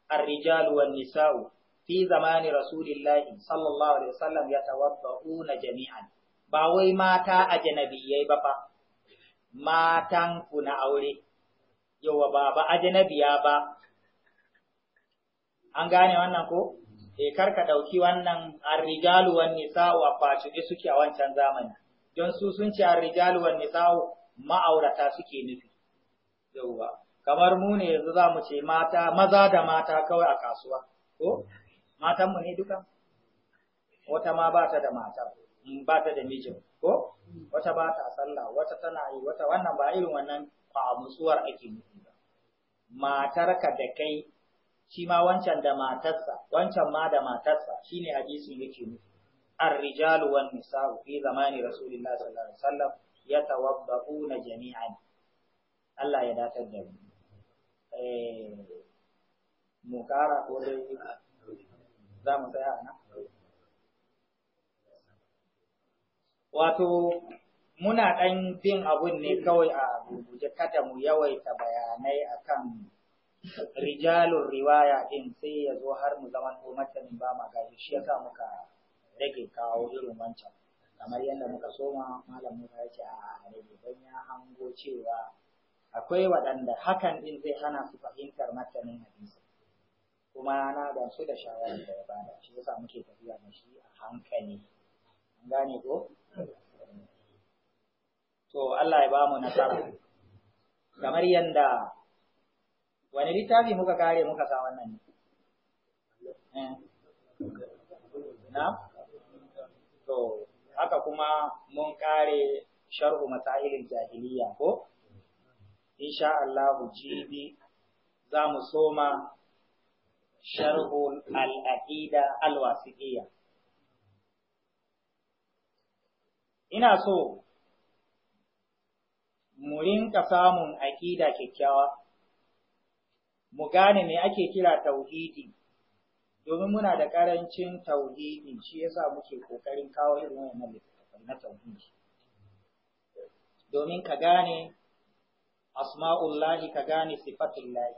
ar-rijalu wan nisa'u fi zamani rasulillahi sallallahu alaihi wasallam yatawadda'una jami'an ba wai mata ajnabiyai ba fa matan ku na aure yawa ba ba ajnabiya ba an gane wannan ko eh karka dauki wannan ar-rijalu wan nisa'u a fashi suke a wancan zamani don su sun ce ar-rijalu wan nisa'u ma'aurata suke nufi yauwa kamar mu ne yanzu za mu ce mata maza da mata kawai a kasuwa ko matanmu ne duka wata ma ba ta da mata mm, ba ta da mijin ko wata ba ta sallah wata tana yi wata wannan ba irin wannan kwamutsuwar ake nufi ba matarka da kai shi ma wancan da matarsa wancan ma da matarsa shine hadisi yake nufi ar-rijalu wan nisa'u fi zamani rasulillahi sallallahu alaihi wasallam yatawabba'una jami'an Allah ya datar da mu eh mu kara ko dai za mu tsaya nan wato muna ɗan bin abun ne kawai a rubuce kada mu yawaita bayanai akan rijalun riwaya din sai ya zo har mu zama to ba ma gaji shi yasa muka rage kawo irin wancan kamar yadda muka soma malam Musa ya ce a'a ke don ya hango cewa akwai waɗanda hakan din zai hana su fahimtar matanin hadisi kuma na gamsu da shawarar da ya bada shi yasa muke tafiya da shi a hankali an gane ko to Allah ya ba mu nasara kamar yadda wani littafi muka kare muka sa wannan ne eh. na to haka kuma mun kare sharhu masailin jahiliya ko insha Allah jibi za mu soma sharhu al-aqida al-wasiqiyya ina so mu rinka samun aqida kyakkyawa mu gane me ake kira tauhidi domin muna da karancin tauhidi shi yasa muke kokarin kawo irin wannan littattafai na tauhidi domin ka gane asma'ullahi ka gane sifatullahi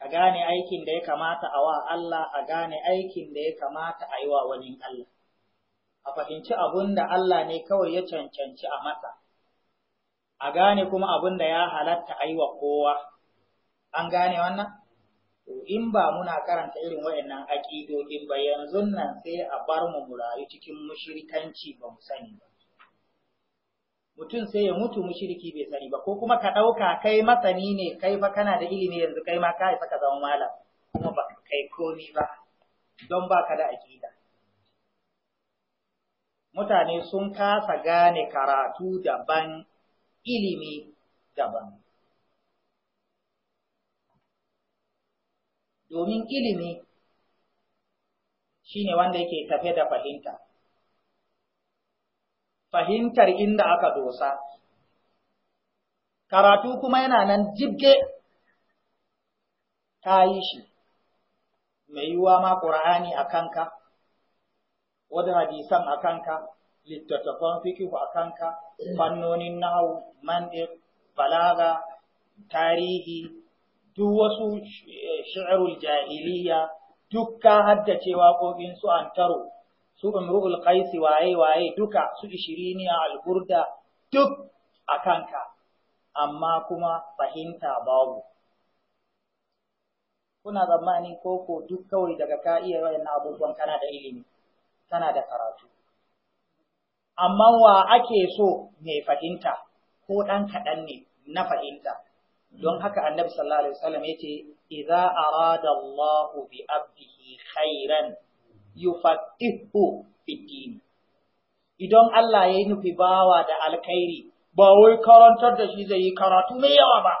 ka gane aikin da ya kamata a wa Allah a gane aikin da ya kamata a yi wa wani Allah a fahimci abun da Allah ne kawai ya cancanci a masa a gane kuma abun da ya halatta a yi wa kowa an gane wannan To in ba muna karanta irin waɗannan aƙidodin ba yanzu nan sai a bar mu murayu cikin mushrikanci ba mu sani ba mutum sai ya mutu mushriki bai sani ba ko kuma ka ɗauka kai masani ne kai fa kana da ilimi yanzu kai ma ka isa ka zama malam kuma ba kai komi ba don ba ka da aƙida mutane sun kasa gane karatu daban ilimi daban domin ilimi shine wanda yake tafe da fahimta fahimtar inda aka dosa karatu kuma yana nan jibge ta yi shi mai yiwuwa ma ƙura'ani a kanka wadda hadisan a kanka littattafan fikihu a kanka fannonin nahu mandir balaga tarihi duk wasu shi'arul jahiliya duk ka haddace waƙoƙin su taro su umrul qaisi waye waye duka su ishiriniya alburda duk akanka, amma kuma fahimta babu kuna ko koko duk kawai daga ka iya wayan abubuwan kana da ilimi kana da karatu amma wa ake so mai fahimta ko ɗan kaɗan ne na fahimta don haka annabi sallallahu alaihi wasallam yace idza arada Allah bi abdihi khairan yufaqihu fi din idan Allah ya nufi bawa da alkhairi ba wai karantar da shi zai yi karatu mai yawa ba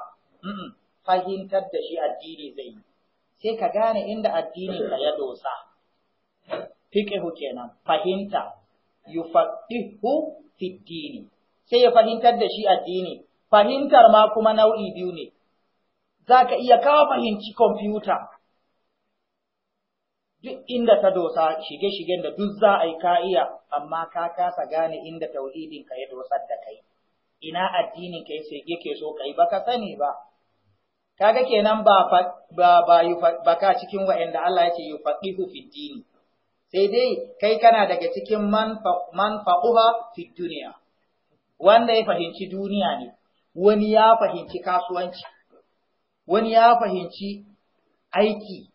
fahimtar da shi addini zai yi sai ka gane inda addinin ka ya dosa fiqhu kenan fahimta yufaqihu fi din sai ya fahimtar da shi addini fahimtar ma kuma nau'i biyu ne, za ka iya kawo fahimci kwamfuta duk inda ta dosa shige-shigen da duk za a yi ka iya, amma ka kasa gane inda tauhidin ka ya dosar da kai, ina addinin ka yake so kai baka sani ba. Kaga kenan ba ba ba ka cikin wa'anda Allah ya ce yufaqihu fid fiddini, sai dai kai kana daga cikin man faquha fi duniya wanda ya fahimci duniya ne wani ya fahimci kasuwanci, wani ya fahimci aiki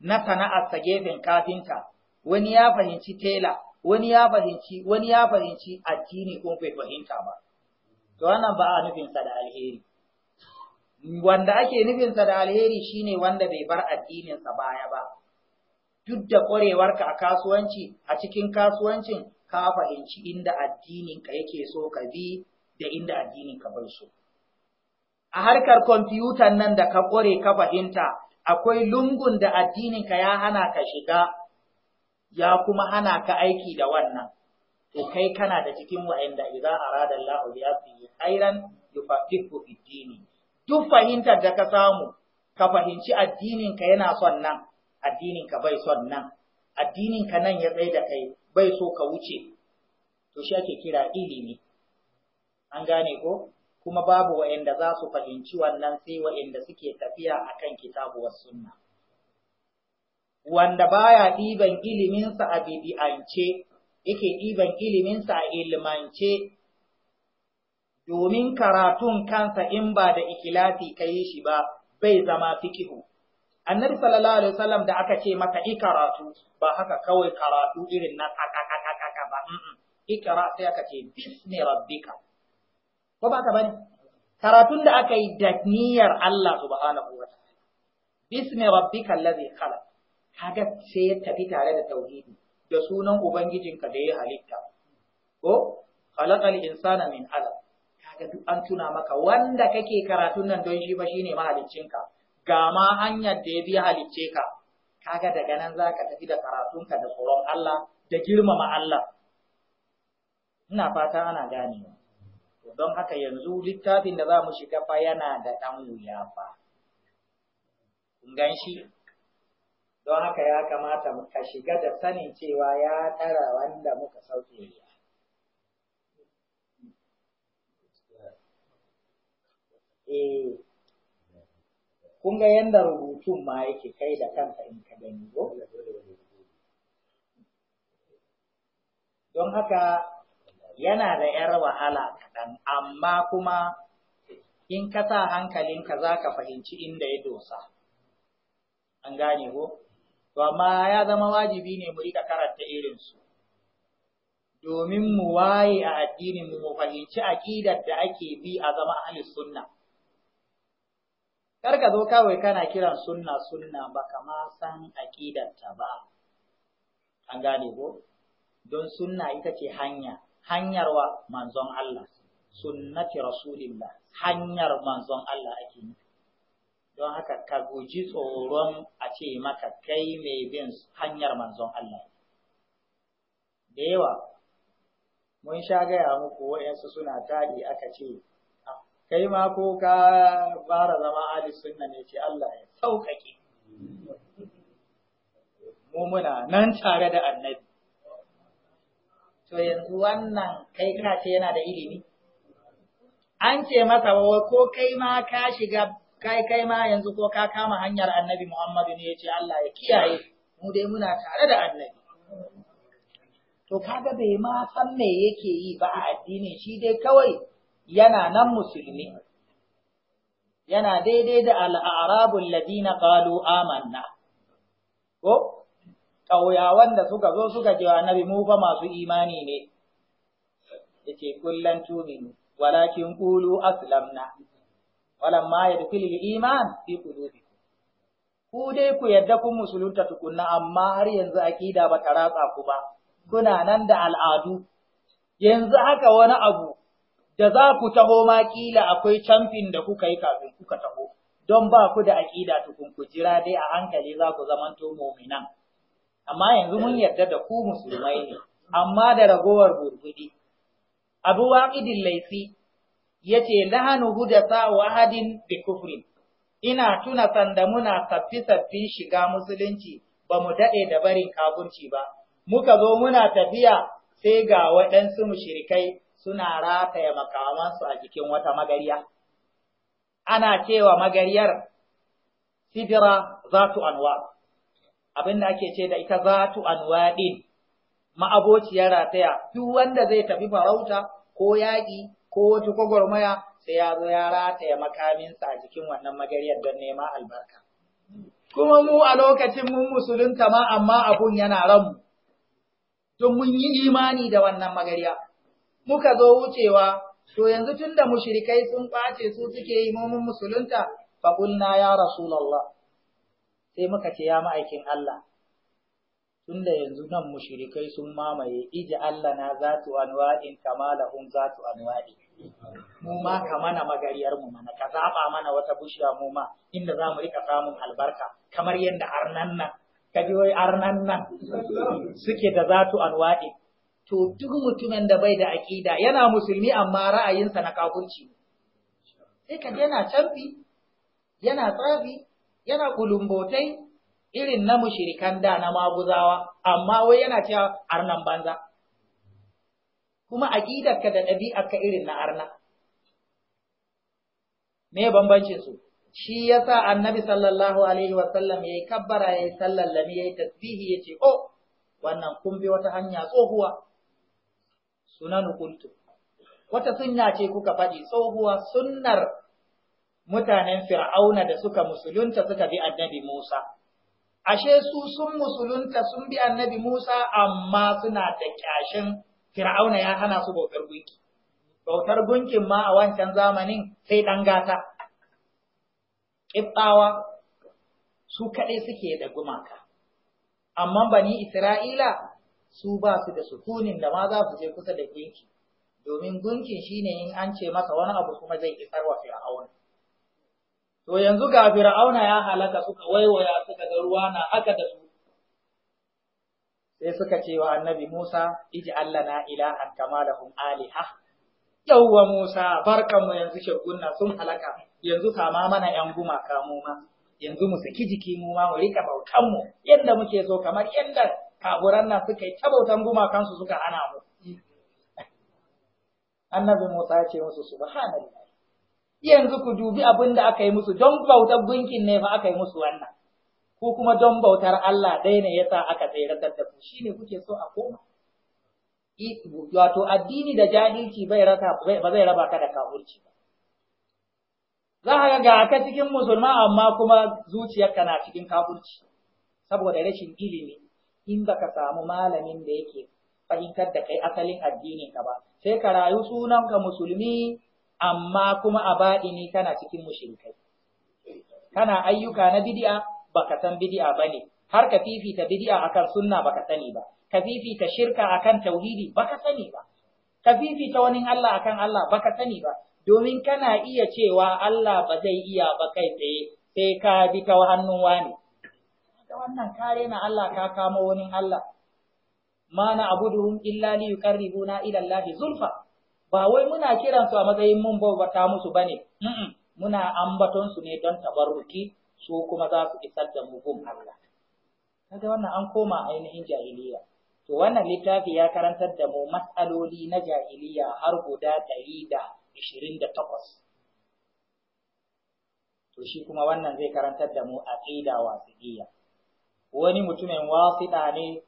na sana'arsa gefen kafinta, wani ya fahimci tela, wani ya fahimci, wani ya fahimci addini ko bai fahimta ba. To wannan ba a nufinsa da alheri. Wanda ake nufinsa da alheri shi ne wanda bai bar addininsa baya ba. Duk da ƙwarewarka a kasuwanci, a cikin kasuwancin ka fahimci inda addininka yake so ka bi da inda addini ka bai so. A harkar kwamfutan nan da ka ƙware ka fahimta, akwai lungun da addininka ya hana ka shiga, ya kuma hana ka aiki da wannan. To kai kana da cikin wa'inda idan arada Allahu ya fi khairan yufaqihu fi dini. Duk fahimtar da ka samu, ka fahimci addininka yana son nan, addinin ka bai son nan. Addinin nan ya tsaye da kai, bai so ka wuce. To shi ake kira ilimi. an gane ko kuma babu wa'anda za su fahimci wannan sai wa'anda suke tafiya a kan kitabuwar sunna wanda baya ɗiban iliminsa a bibiyance yake ɗiban iliminsa a ilmance domin karatun kansa in ba da ikilafi ka yi shi ba bai zama fikihu annabi sallallahu alaihi wasallam da aka ce maka i karatu ba haka kawai karatu irin na kakakakaka ba ikra sai aka ce bismi rabbika Ko ba ka bane? Karatun da aka yi da niyyar Allah subhanahu wa ta'ala. Bismi rabbika allazi khalaq. Kaga sai ya tafi tare da tauhidi da sunan ubangijinka da ya halitta. Ko khalaqal insana min alaq. Kaga duk an tuna maka wanda kake karatun nan don shi ba shine mahaliccinka. Ga ma hanyar da ya bi halicce ka. Kaga daga nan zaka tafi da karatunka da tsoron Allah da girmama Allah. Ina fata ana ganewa. don haka yanzu littafin da za mu shiga fa yana da ɗan wuya fa. Kun gan shi? Don haka ya kamata ka shiga da sanin cewa ya ɗara wanda muka sauke ya. Eh, kun ga yadda rubutun ma yake kai da kanka in ka gani ko? Don haka yana da ‘yar wahala kaɗan, amma kuma in ka sa hankalinka za ka fahimci inda ya dosa. An gane ko? To, amma ya zama wajibi ne mu rika karanta irin su. domin mu waye a addinin mu fahimci aƙidar da ake bi a zama ahli sunna. Kar ka zo kawai kana kiran sunna sunna ba kama san aƙidarta ba, an gane ko? Don sunna ita ce hanya. hanyarwa manzon Allah sunnati rasulillah hanyar manzon Allah ake nufi don haka ka guji tsoron a ce maka kai mai bin hanyar manzon Allah da yawa mun sha gaya muku wa'yansu suna tadi aka ce ah, kai ma ko ka fara zama ahli sunna ne ce Allah ya sauƙaƙe mu muna nan tare da annabi to yanzu wannan kai ka ce yana da ilimi an ce masa wa ko kai ma ka shiga kai kai ma yanzu ko ka kama hanyar annabi Muhammadu ne yace Allah ya kiyaye mu dai muna tare da annabi to kaga bai ma san me yake yi ba a addinin shi dai kawai yana nan musulmi yana daidai da al'arabul ladina qalu amanna ko ƙauyawan da suka zo suka ce annabi mu fa masu imani ne yace kullan tuminu walakin qulu aslamna ma yadkhulu al-iman fi qulubikum ku dai ku yadda ku musulunta tukunna amma har yanzu aƙida ba ta ratsa ku ba kuna nan da al'adu yanzu haka wani abu da za ku taho ma kila akwai camfin da kuka yi kafin kuka taho don ba ku da aƙida tukun ku jira dai a hankali za ku zamanto muminan amma yanzu mun yarda da ku musulmai ne amma da ragowar gurgudi abu waqidil laifi yace lahanu hudasa wa hadin bi kufri ina tuna sanda muna tafi tafi shiga musulunci ba mu dade da barin kafirci ba muka zo muna tafiya sai ga waɗansu mushrikai suna rataya makamansu a jikin wata magariya ana cewa magariyar sidira zatu anwa abin da ake ce da ita za zatu anwadin ma'abociyar rataya duk wanda zai tafi farauta ko yaƙi ko wata gwagwarmaya sai ya zo ya rataya makaminsa a jikin wannan magariyar don nema albarka kuma mu a lokacin mun musulunta ma amma abun yana ran mu, don mun yi imani da wannan magarya. muka zo wucewa to yanzu tunda mushrikai sun ɓace su suke yi mun musulunta fa ya rasulullah sai muka ce ya ma'aikin Allah tunda yanzu nan mushirikai sun mamaye iji Allah na zatu anwa'in kama lahum zatu anwa'i mu ma ka mana magariyar mu mana ka zaɓa mana wata bushiya mu ma inda za mu rika samun albarka kamar yadda arnan nan ka ji wai arnan nan suke da zatu anwa'i to duk mutumin da bai da aƙida yana musulmi amma ra'ayinsa na kafurci. sai ka yana canfi yana tsafi yana kulumbotai irin na mushirikan da na maguzawa amma wai yana cewa arnan banza kuma aƙidarka da ɗabi'arka irin na arna me bambancin su shi sa annabi sallallahu alaihi wa sallam yi kabbara yi sallallami ya yi tasbihi ya ce oh wannan kun wata hanya tsohuwa sunanu nukuntu.' wata sunya ce kuka faɗi tsohuwa sunnar mutanen fir'auna da suka musulunta suka bi annabi Musa ashe su sun musulunta sun bi annabi Musa amma suna da kyashin fir'auna ya hana su bautar gunki bautar gunkin ma a wancan zamanin sai dan gata Ƙibtawa su kaɗai suke da gumaka amma bani Isra'ila su ba su da sukunin da ma za su je kusa da gunki domin gunkin shine in an ce masa wani abu kuma zai isar wa fir'auna To yanzu ga Fir'auna ya halaka suka waiwaya suka ga ruwa na haka da su. Sai suka ce wa annabi Musa, Iji Allah na ilahan kama da hun aliha. Yawwa Musa, barkanmu yanzu shirgunna sun halaka, yanzu sama mana ‘yan gumaka mu ma, yanzu mu saki jiki mu ma mu riƙa bautanmu yadda muke so kamar yadda kafuran nan suka yi ta bautan gumakansu suka ana mu. Annabi Musa ya ce musu, Subhanallah. yanzu ku dubi abin da aka yi musu don bautar gunkin ne fa aka yi musu wannan ko kuma don bautar Allah ɗaya ne sa aka tsayar da ku shine kuke so a koma wato addini da jahilci bai rata ba zai raba ka da kawurci ba za ka ga ka cikin musulma amma kuma zuciyarka na cikin kawurci saboda rashin ilimi in baka samu malamin da yake fahimtar da kai asalin addinin ka ba sai ka rayu sunanka musulmi amma kuma a baɗini kana cikin mushrikai kana ayyuka na bid'a baka san bid'a bane har ka fifita bid'a akan sunna baka sani ba ka fifita shirka akan tauhidi baka sani ba ka fifita wani Allah akan Allah baka sani ba domin kana iya cewa Allah ba zai iya ba kai tsaye sai ka bi ta hannun wani da wannan kare na Allah ka kamo wani Allah ma na abuduhum illa li yuqarribuna ila Allah zulfa ba wai muna kiran su a matsayin mun bauta musu bane mm muna ambaton su ne don tabarruki su kuma za su isar da mu gun Allah kaga wannan an koma ainihin jahiliya to wannan littafi ya karantar da mu matsaloli na jahiliya har guda 128 to shi kuma wannan zai karantar da mu aqida wasiya wani mutumin wasiɗa ne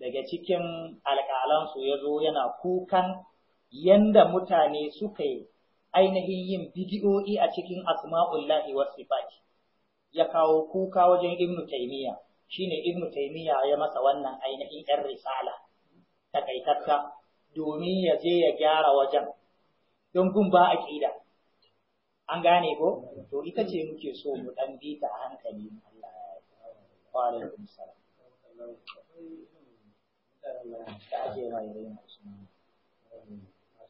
daga cikin alƙalansu ya zo yana kukan yanda mutane suka yi ainihin yin bidiyo'i a cikin asma'ullahi wa sifati ya kawo kuka wajen ibnu taymiya shine ibnu taymiya ya masa wannan ainihin yar risala takaitakka domin ya je ya gyara wajen don gun ba aqida an gane ko to ita ce muke so mu dan bi ta hankali Allah ya alaikum salam da ake mai rayuwa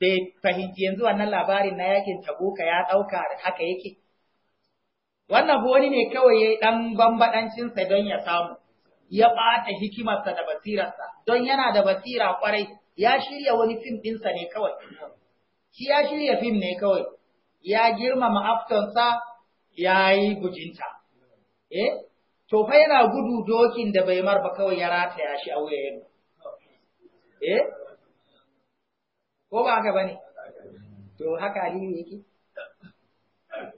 bai fahimci yanzu wannan labarin na yakin taboka ya ɗauka da haka yake. Wannan wani ne kawai ya yi ɗan bambaɗancinsa don ya samu, ya ɓata hikimarsa da basirarsa, don yana da basira ƙwarai. ya shirya wani fim ɗinsa ne kawai. Shi ya shirya fim ne kawai, ya girmama aftonsa ya yi bujinta. Eh, to fa yana gudu dokin da bai marba kawai ya rataya shi a wuyayen. Eh, ko ba haka bane to haka aliyu yake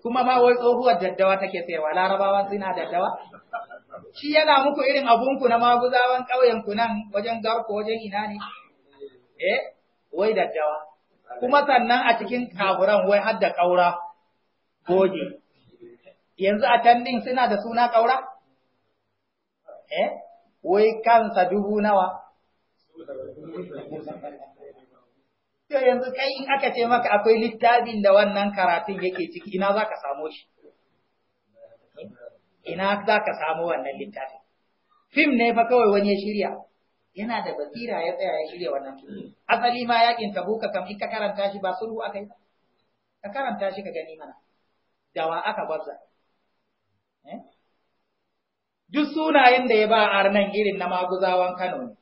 kuma ma wai tsohuwar daddawa take sayarwa larabawa suna daddawa shi yana muku irin abunku na maguzawan ƙauyenku nan wajen garko wajen ina ne eh wai daddawa kuma sannan a cikin kaburan wai har da ƙaura goje yanzu a can suna da suna ƙaura eh wai kansa dubu nawa To yanzu kai in aka ce maka akwai littafin da wannan karatun yake ciki ina za ka samo shi? Ina za ka samo wannan littafin? Fim ne fa kawai wani ya shirya. Yana da basira ya tsaya ya shirya wannan fim. Asali ma yakin ka kam in ka karanta shi ba sulhu aka yi ba. Ka karanta shi ka gani mana. Dawa aka barza. Eh? Duk sunayen da ya ba a nan irin na maguzawan Kano ne.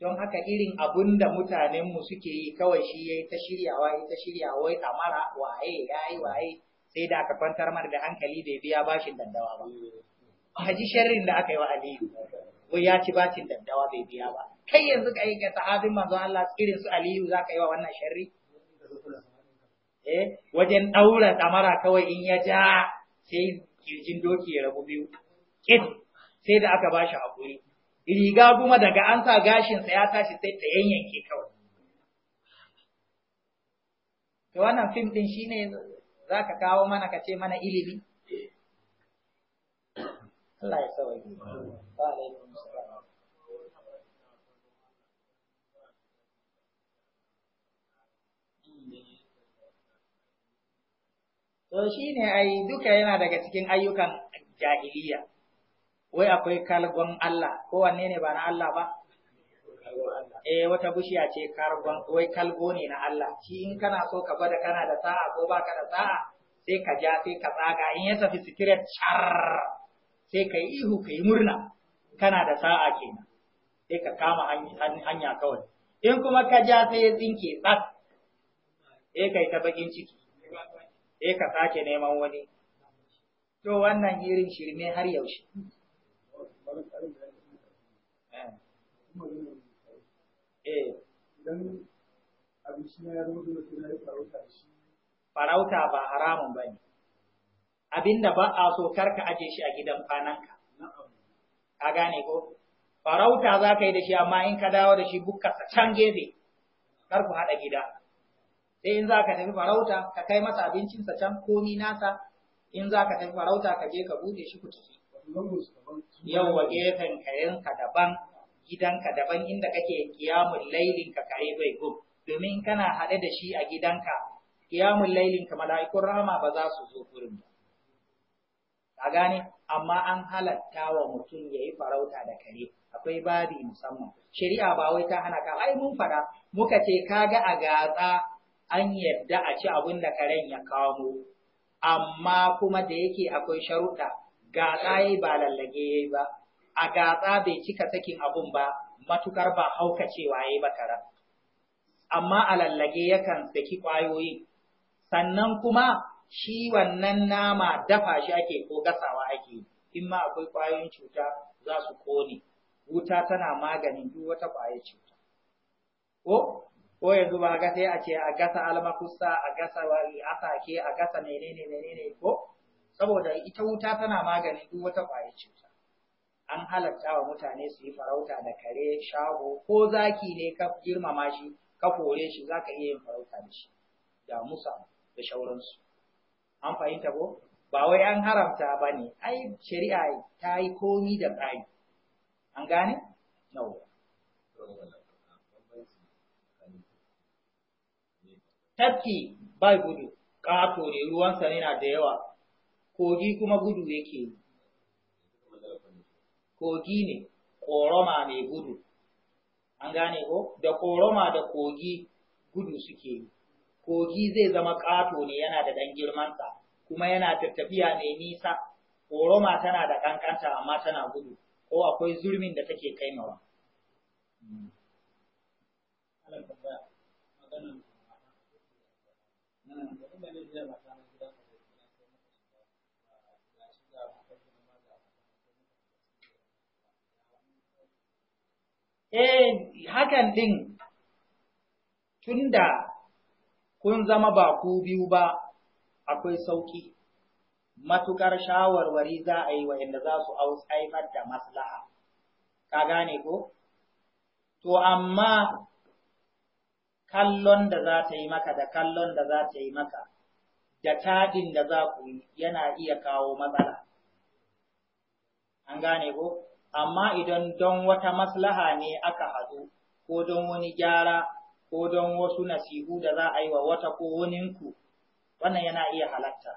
don haka irin abun da mutanenmu suke yi kawai shi ya yi ta shiryawa ya ta shiryawa wai mara, waye ya waye sai da aka kwantar mar da hankali bai biya bashin daddawa ba mm. a ji sharrin da aka yi wa aliyu ko ya ci bashin daddawa bai biya ba kai yanzu ka yi ga sahabin manzon Allah irin su aliyu za ka yi wa wannan sharri eh wajen daura mara kawai in ya ja sai kirjin doki ya rabu biyu sai da aka bashi hakuri riga kuma daga an sa gashinsa ya tashi sai ta yanyanke kawai. To wannan fim ɗin shi ne za ka kawo mana ka ce mana ilimi? Allah ya To shi ne ai duka yana daga cikin ayyukan jahiliya. wai akwai kalgon Allah ko wanne ne ba na Allah ba eh wata bushiya ce kalgon wai kalgo ne na Allah shi in kana so ka gwada kana da sa'a ko baka da sa'a sai ka ja sai ka tsaga in ya tafi sikiret char sai ka yi ihu ka yi murna kana da sa'a kenan sai ka kama hanya kawai in kuma ka ja sai ya tsinke tsat sai yi ta bakin ciki sai ka sake neman wani to wannan irin shirme har yaushe Farauta ba haramun ba ne, abinda ba a so karka aje shi a gidan kwananka. Ka gane ko? Farauta za ka yi da shi amma in ka dawo da shi bukkarsa can gefe, kar ku haɗa gida. Sai in za ka tafi farauta, ka kai masa abincinsa can komi nasa, in za ka tafi farauta ka je ka buɗe shi ku tafi. Yau wa gefen kayanka daban gidanka daban inda kake kiyamun lailin ka bai gub domin kana haɗe da shi a gidanka kiyamun lailin ka mala'ikun rahama ba za su zo gurin ba a gane amma an halatta wa mutum ya yi farauta da kare akwai babi musamman shari'a ba wai ta hana ka ai mun fada muka ce kaga a gatsa an yadda a ci abin da karen ya kawo amma kuma da yake akwai sharuɗa gaɗa yi ba lallage ya yi ba a gatsa bai cika sakin abun ba matukar ba haukacewa yayi ba kara amma a lallage yakan saki ƙwayoyi, sannan kuma shi wannan nama dafa shi ake ko gasawa ake in ma akwai ƙwayoyin cuta za su kone wuta tana maganin duk wata kwayar cuta ko ko yanzu ba ga sai a ce a gasa almakusa a gasa wal asake a gasa menene menene ko saboda ita wuta tana magani duk wata ƙwayar cuta an halatta wa mutane su yi farauta da kare shago ko zaki ne ka girmama shi ka kore shi za ka iya yin farauta da shi da musa da shauransu an fahimta ko ba wai an haramta ba ne ai shari'a ta yi komi da tsari an gane yawwa tafki bai gudu ƙato ne ruwansa yana da yawa kogi kuma gudu yake yi kogi ne koroma mai gudu an gane ko da koroma da kogi gudu suke yi kogi zai zama ƙato ne yana da ɗan girmansa kuma yana tafiya mai nisa koroma tana da ƙanƙanta amma tana gudu ko akwai zurmin da take kaimawa mawa? eh hakan din tunda kun zama ba ku biyu ba akwai sauki matukar shawarwari za a yi wa'inda za su haifar da maslaha ka gane ko to amma kallon da za ta yi maka da kallon da za ta yi maka da tadin da za ku yana iya kawo matsala an gane ko amma idan don wata maslaha ne aka haɗu ko don wani gyara ko don wasu nasihu da za a yi wa wata ko waninku wannan yana iya halatta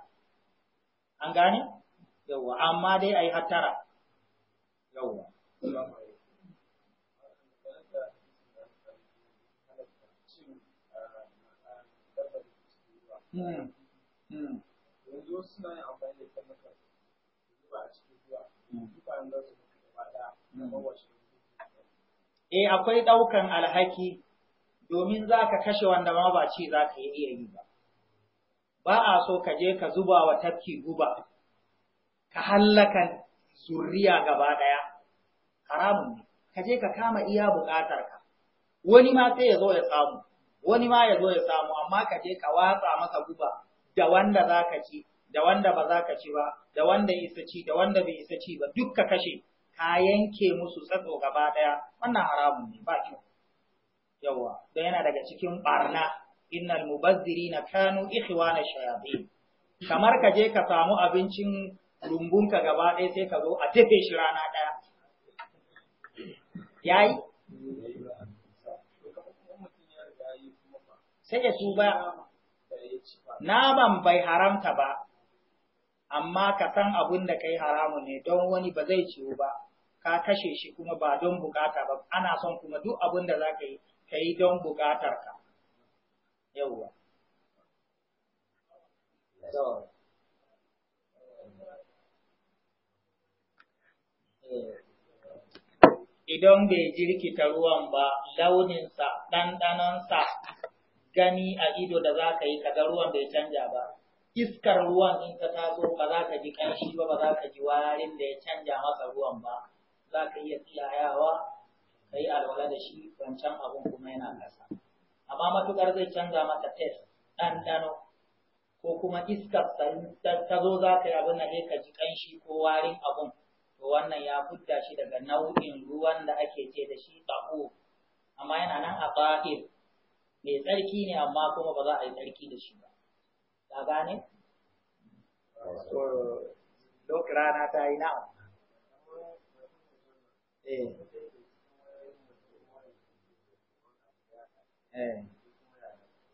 an gane yawwa amma dai a yi hattara yawwa Hmm. Hmm. yanzu suna yin amfani da chemicals zuba a cikin ruwa, zuba hmm. an Eh akwai ɗaukan alhaki domin za ka kashe wanda ma ba ce za ka iya yi ba. Ba a so ka je ka zuba wa tafki guba, ka hallaka zurriya gaba ɗaya, haramun ne, ka je ka kama iya buƙatarka, wani ma sai ya zo ya samu, wani ma ya zo ya samu, amma ka je ka watsa masa guba da wanda za ka ci, da wanda ba za ka ci ba, da wanda isa ci, da wanda bai isa ci ba, duk ka kashe. ka yanke musu tsatso gaba daya wannan haramun ne ba kyau yawa don yana daga cikin barna innal mubazzirina kanu ikhwana shayabi kamar ka je ka samu abincin rumbunka gaba ɗaya sai ka zo a tafe shi rana ɗaya yayi sai ya tuba naman bai haramta ba amma ka san abin da kai haramun ne don wani ba zai ciwo ba ka kashe shi kuma ba don bukata ba ana son kuma duk abin da za ka yi ka yi don bukatar ka yawwa idan bai jirkita ruwan ba launinsa ɗanɗanonsa gani a ido da za ka yi kaga ruwan bai canja ba iskar ruwan in ka taso ba za ka ji ƙanshi ba ba za ka ji warin da ya canja masa ruwan ba za ka iya kiyayawa ka yi alwala da shi wancan abun kuma yana kasa. amma matukar zai canza maka tes ɗanɗano ko kuma iskar ta zo za ka yi abin da ka ji ƙanshi ko warin abun to wannan ya fudda shi daga nau'in ruwan da ake ce da shi tsako amma yana nan a bahir mai tsarki ne amma kuma ba za a yi tsarki da shi ba ka gane? Lokirana ta yi na'am eh eh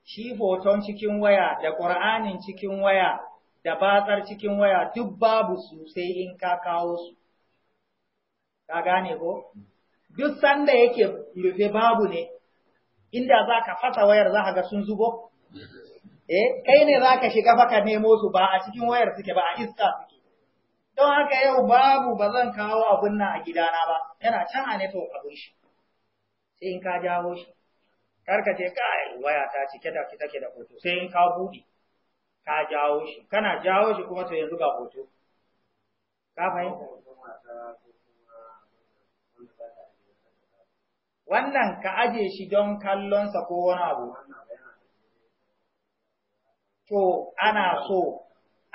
shi hoton cikin waya da ƙur'anin cikin waya da batsar cikin waya duk babu su sai in ka kawo su ka gane ko duk sanda yake rufe babu ne inda za ka fasa wayar za ka ga sun zubo eh kai ne za ka shiga baka nemo su ba a cikin wayar suke ba a iska suke don haka yau babu ba zan kawo abun nan a gidana ba yana can a network abun shi sai in ka jawo shi karka ce kai waya ta cike da ki take da hoto sai in ka bude ka jawo shi kana jawo shi kuma to yanzu ga hoto ka fahimta wannan ka aje shi don kallonsa ko wani abu to ana so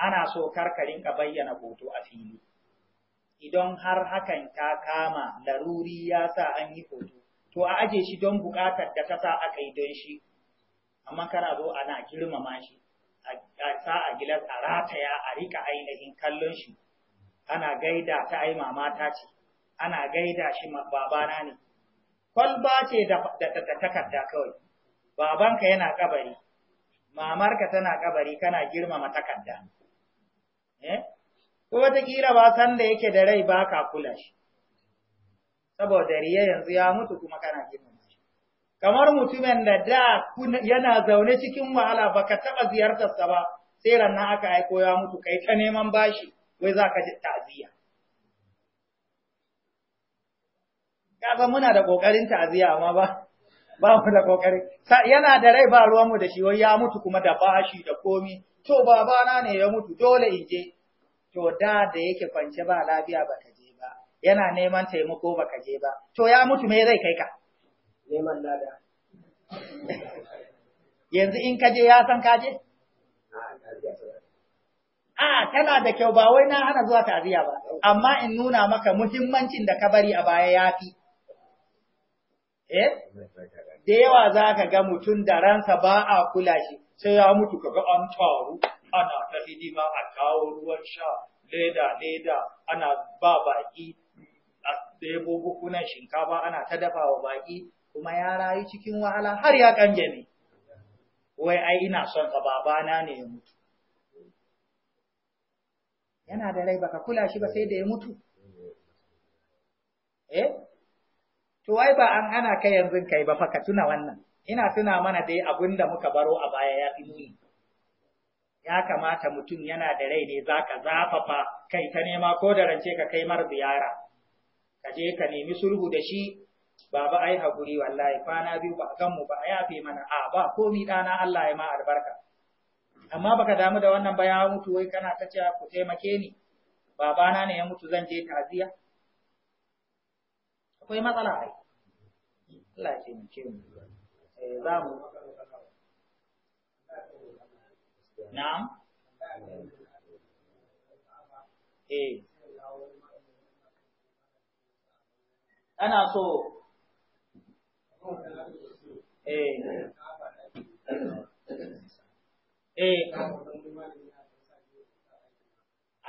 ana so karkarin ka bayyana hoto a fili idan har hakan ta kama laruri ya sa an yi hoto to a aje shi don buƙatar da ta sa aka yi don shi amma kana zo ana girmama shi a sa a gilas a rataya a rika ainihin kallon shi ana gaida ta ai ta ce ana gaida shi babana ne kwalba ce da takarda kawai babanka yana kabari mamarka tana kabari kana girmama takarda ta eh? wataƙila ba san da yake da rai ba ka kula shi saboda riya yanzu ya mutu kuma kana girmama shi kamar mutumin da da yana zaune cikin wahala ba ka taɓa ziyartarsa ba sai rannan aka aiko ya mutu kai ta neman bashi wai za ka ji ta'aziyya kaga muna da ƙoƙarin ta'aziyya amma ba ba mu da ƙoƙari. yana da rai ba ruwanmu da shi wai ya mutu kuma da bashi da komi to babana ne ya mutu dole in je to da da yake kwance ba lafiya baka je ba yana neman taimako baka je ba to ya mutu me zai kai ka neman lada yanzu in ka je ya san ka je a tana da kyau ba wai na hana zuwa taziya ba amma in nuna maka muhimmancin da ka bari a baya yafi eh da yawa zaka ga mutum da ransa ba a kula shi sai ya mutu ga an taru ana ta hidima a kawo ruwan sha leda leda ana ba baki a ɗebo bukunan shinkafa ana ta dafa wa baki kuma ya rayu cikin wahala har ya ne wai ai ina son ka babana ne ya mutu yana da rai baka kula shi ba sai da ya mutu eh to wai ba an ana kai yanzu kai ba fa ka tuna wannan ina tuna mana dai abin da muka baro a baya ya fi nuni ya kamata mutum yana da rai ne za ka zafafa kai ta nema ko da rance ka kai mara ziyara ka je ka nemi sulhu da shi baba ai haƙuri, wallahi kwana biyu ba a kan mu ba a yafe mana a ba komi ɗana Allah ya ma albarka amma baka damu da wannan ba ya mutu wai kana ta cewa ku taimake ni babana ne ya mutu zan je ta'aziya akwai matsala ai Allah ya taimake mu Eh, za na'am eh ana so eh, eh. a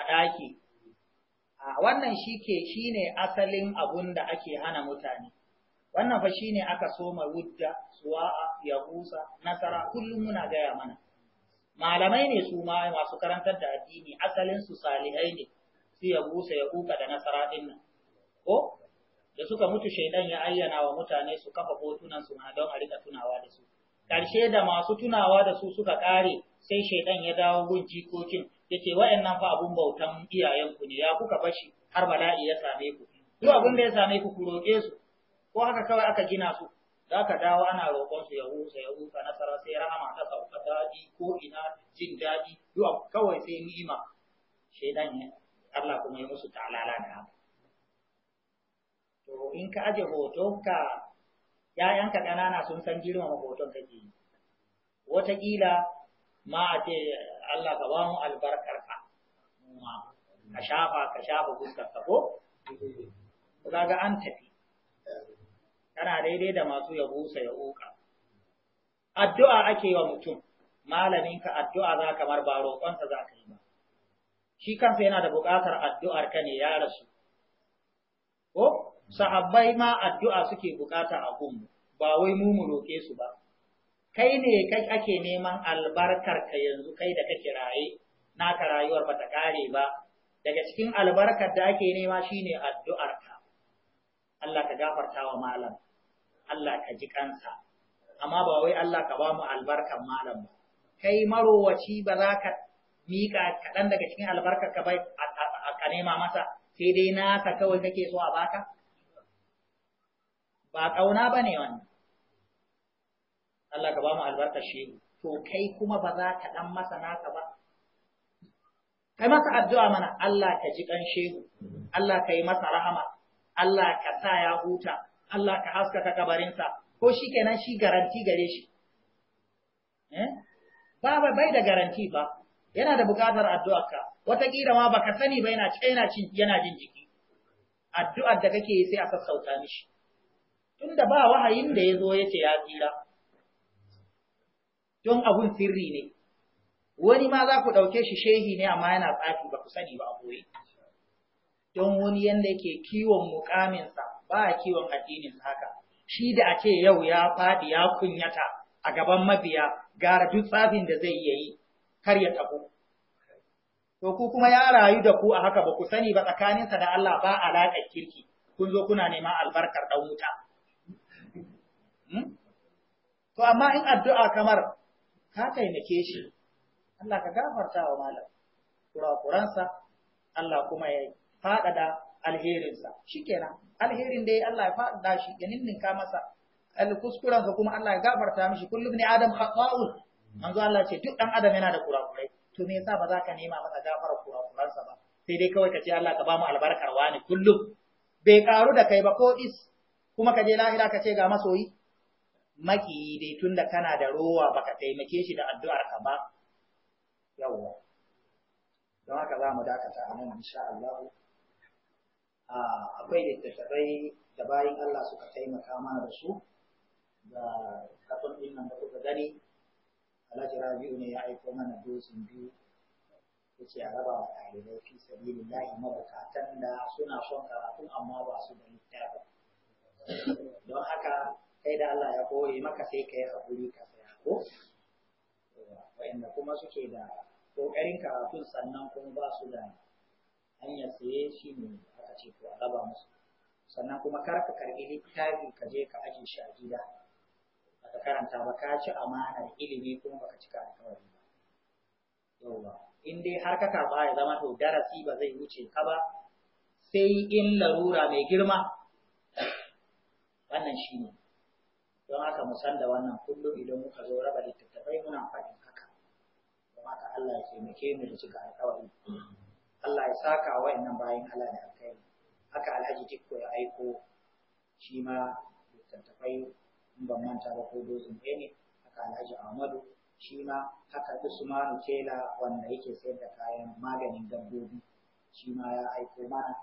ɗaki wannan shike shine asalin abun da ake hana mutane wannan fa ne aka so ma wudda suwa'a ya musa nasara kullum muna gaya mana malamai ne su ma masu karantar da addini asalin su salihai ne su ya busa ya kuka da nasara din nan ko da suka mutu shaidan ya ayyana wa mutane su kafa hotunan su don a rika tunawa da su karshe da masu tunawa da su suka kare sai shaidan ya dawo gun jikokin yace wayannan fa abun bautan iyayenku ne ya kuka bashi har bala'i ya same ku duk abin da ya same ku ku roƙe su ko haka kawai aka gina su za ka dawo ana roƙon su ya husa ya husa nasara sai rahama ta sauka daɗi ko ina jin daɗi yau kawai sai ni'ima shaidan ya Allah kuma ya musu ta'alala da haka to in ka aje hoton ka ƴaƴanka ƙanana sun san girmama hoton kake yi wataƙila ma ce Allah ka ba mu albarkar ka ka shafa ka shafa fuskar ka ko ga an tafi kana daidai da masu yabo sa ya oka addu'a ake wa mutum malaminka addu'a za kamar ba roƙonsa za ka yi ba shi kansa yana da buƙatar addu'ar ka ne ya rasu ko sahabbai ma addu'a suke buƙata a gun, ba wai mu mu roƙe su ba kai ne kai ake neman albarkar ka yanzu kai da kake raye naka rayuwar bata ƙare ba daga cikin albarkar da ake nema shine addu'ar ka Allah ka gafarta wa malam Allah ka ji kansa amma ba wai Allah ka ba mu albarkan malam ba kai marowaci ba za ka miƙa kaɗan daga cikin albarkar ka bai a nema masa sai dai nasa kawai kake so a baka ba ƙauna ba ne wannan Allah ka ba mu albarkar shehu to kai kuma ba za ka ɗan masa nasa ba kai masa addu'a mana Allah ka ji ƙan shehu Allah ka yi masa rahama Allah ka sa ya huta Allah ka haskaka kabarinsa ko shi kenan shi garanti gare shi eh? ba bai da garanti ba yana da bukatar addu'arka wataƙila ma baka sani ba yana yana yana jin jiki addu'ar da kake yi sai a sassauta mishi tunda ba wahayin da ya zo ya ce ya tsira don abun sirri ne wani ma za ku ɗauke shi shehi ne amma yana tsafi ba ku sani ba a don wani yanda yake kiwon mukaminsa ba a kiwon addinin haka shi da a ce yau ya faɗi ya kunyata a gaban mabiya gara duk tsafin da zai yi kar ya tabo to ku kuma ya rayu da ku a haka ba ku sani ba tsakaninsa da Allah ba alaƙar kirki kun zo kuna neman albarkar ɗan wuta hmm? to amma in addu'a kamar ka taimake shi Allah ka gafarta wa malam kurakuransa Allah kuma ya faɗaɗa alherinsa shi kenan alherin da ya Allah ya faɗa shi ya ninninka masa alkuskurensa kuma Allah ya gafarta mishi kullum ne adam An manzo Allah ce duk dan adam yana da kurakurai to me yasa ba za ka nema masa gafarar kurakuransa ba sai dai kawai ka ce Allah ka ba mu albarkar wani kullum bai karu da kai ba ko is kuma ka je lahira ka ce ga masoyi maki dai tunda kana da rowa baka taimake shi da addu'ar ka ba yawwa don haka za mu dakata a nan insha Allah akwai littattafai da bayan Allah suka taimaka mana da su da kafin ɗin nan da kuka gani Alhaji Rabi'u ne ya aiko mana dozin biyu ce a raba wa ɗalibai fi lahi mabukatan da suna son karatun amma ba su da littafi don haka kai da Allah ya kore maka sai kai hakuri ka saya ko wa'anda kuma suke da ƙoƙarin karatun sannan kuma ba su da hanyar saye shi ne aka ce to a raba musu sannan kuma kar ka karɓi littafi ka je ka aje shi a gida baka karanta ba ka ci amanar ilimi kuma baka cika alkawari ba yauwa in dai har ka karɓa ya zama to darasi ba zai wuce ka ba sai in larura mai girma wannan shi ne don haka mu san da wannan kullum idan muka zo raba littattafai muna faɗin haka don haka Allah ya taimake mu da cika alkawari Allah ya saka wa innan bayan Allah da alkai haka alhaji dikko ya aiko shi ma littattafai in ban manta ba ko dozin ɗaya ne haka alhaji Ahmadu shi ma haka Usmanu Tela wanda yake sayar da kayan maganin dabbobi shi ma ya aiko mana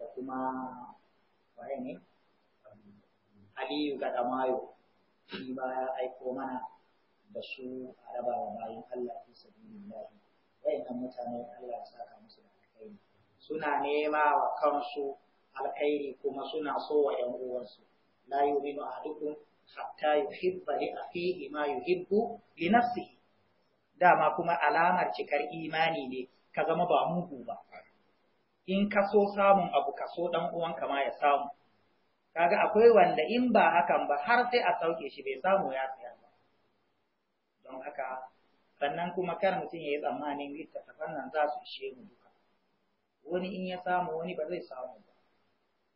da kuma waye ne Aliyu Gadamayo shi ma ya aiko mana da su a raba wa bayan Allah fi sabilillah wayannan mutane Allah ya saka musu suna nema wa kansu alkhairi kuma suna so wa ‘yan uwansu la yuminu ahadukum hatta yuhibba li akhihi ma yuhibbu li nafsihi dama kuma alamar cikar imani ne ka zama ba mugu ba in ka so samun abu ka so dan uwanka ma ya samu kaga akwai wanda in ba hakan ba har sai a sauke shi bai samu ya tsaya ba don haka sannan kuma kar mutum ya yi tsammanin littattafan nan za su ishe mu wani in ya samu wani ba zai samu ba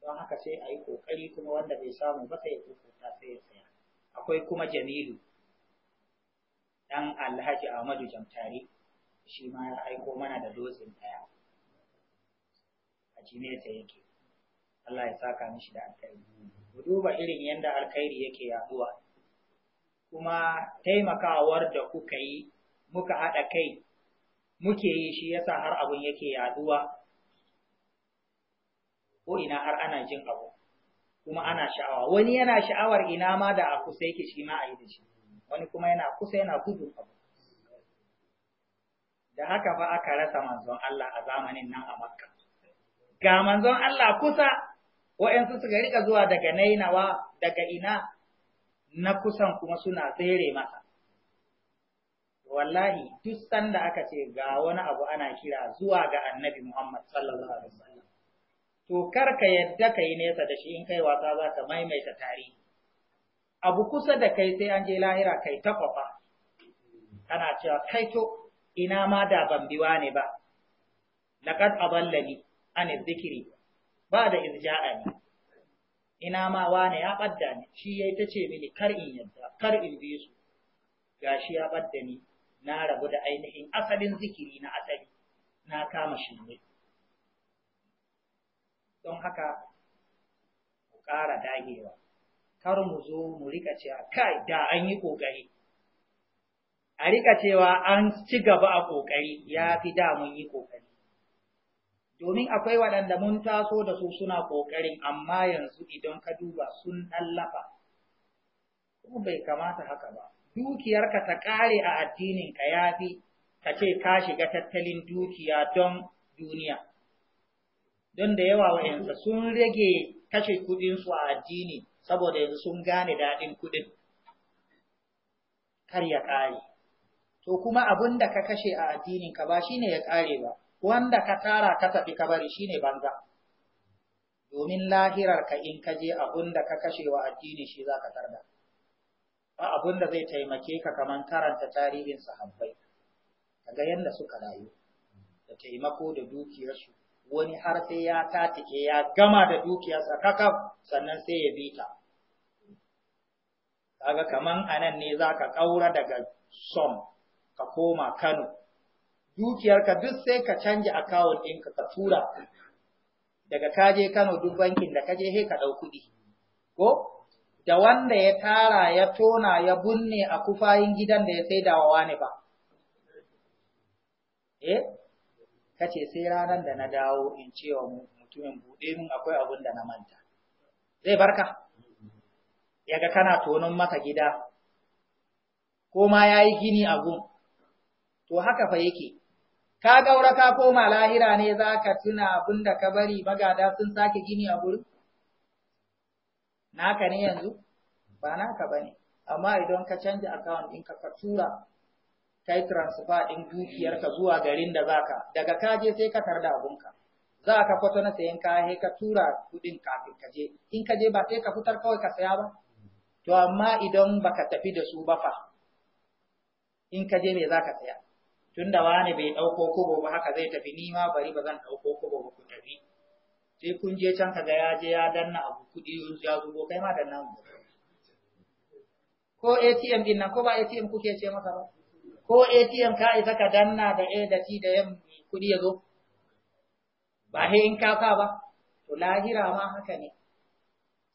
don haka sai a yi ƙoƙari kuma wanda bai samu ba sai ya kuka sai ya saya akwai kuma jamilu ɗan alhaji ahmadu jamtari shi ma ya aiko mana da dozin ɗaya a jinesa yake Allah ya saka mishi da alkhairi ku duba irin yadda alkhairi yake yaduwa kuma taimakawar da kuka yi muka haɗa kai muke yi shi yasa har abun yake yaduwa ko ina har ana jin abu kuma ana sha'awa wani yana sha'awar ina ma da a kusa yake shi ma a yi da shi wani kuma yana kusa yana gudun abu da haka fa aka rasa manzon Allah a zamanin nan a Makka ga manzon Allah kusa wa'yansu suka rika zuwa daga nainawa daga ina na kusan kuma suna tsere masa wallahi duk sanda aka ce ga wani abu ana kira zuwa ga annabi Muhammad sallallahu alaihi wasallam to kar ka yadda ka yi nesa da shi in kai wasa za ka maimaita tarihi. Abu kusa da kai sai an je lahira kai ta kwafa, kana cewa kai to ina ma da ban biwa ne ba, laƙad aballani an zikiri ba da a ni. ina ma wane ya ɓadda ni, shi ya ta ce mini kar in yadda, kar in bi su, gashi ya ɓadda ni, na rabu da ainihin asalin zikiri na asali, na kama shi ne. don haka mu ƙara dagewa kar mu zo mu rika cewa kai da an yi ƙoƙari a rika cewa an ci gaba a ƙoƙari ya fi da mun yi ƙoƙari domin akwai waɗanda mun taso da su suna ƙoƙarin amma yanzu idan ka duba sun ɗallafa kuma bai kamata haka ba dukiyarka ta ƙare a addininka ya fi ka ce ka shiga tattalin dukiya don duniya don da yawa wa'yansa sun rage kashe kuɗinsu a addini saboda yanzu sun gane daɗin kuɗin kar ya ƙare to kuma abin da ka kashe a addinin ka ba shine ya ƙare ba wanda ka tara ka tafi ka bari shine banza domin lahirar ka in ka je abin da ka kashe wa addini shi za ka tarda ba abin da zai taimake ka kamar karanta tarihin sahabbai kaga yadda suka rayu da taimako da dukiyarsu wani har sai ya tatike ya gama da dukiyarsa kakaf sannan sai ya bita kaga kaman anan ne zaka kaura daga som ka koma Kano dukiyarka duk sai ka canja account ɗinka ka tura daga kaje Kano duk bankin da kaje he ka dau kuɗi ko da wanda ya tara ya tona ya bunne a kufayin gidan da ya saida wa wani ba eh kace sai ranar da na dawo in ce wa mutumin buɗe min akwai abun da na manta zai barka yaga kana tonon maka gida ko ma yayi gini a gun to haka fa yake ka gaura ka koma lahira ne zaka tuna abun da ka bari magada sun sake gini a gurin naka ne yanzu ba naka bane amma idan ka canja account ɗinka ka tura kai transfer ɗin dukiyarka zuwa garin da zaka daga ka je sai ka tarda abunka za ka kwato na sayan kaya sai ka tura kuɗin kafin ka je in ka je ba sai ka fitar kawai ka saya ba to amma idan baka tafi da su ba fa in ka je me za ka saya tunda wani bai ɗauko kobo ba haka zai tafi ni ma bari ba zan ɗauko kobo ba ku tafi sai kun je can ga ya je ya danna abu kuɗi ya zubo kai ma danna ko ATM din nan ko ba ATM kuke ce maka ba ko ATM ka isa ka danna da A da T da M kudi ya zo ba he in ka sa ba to lahira ma haka ne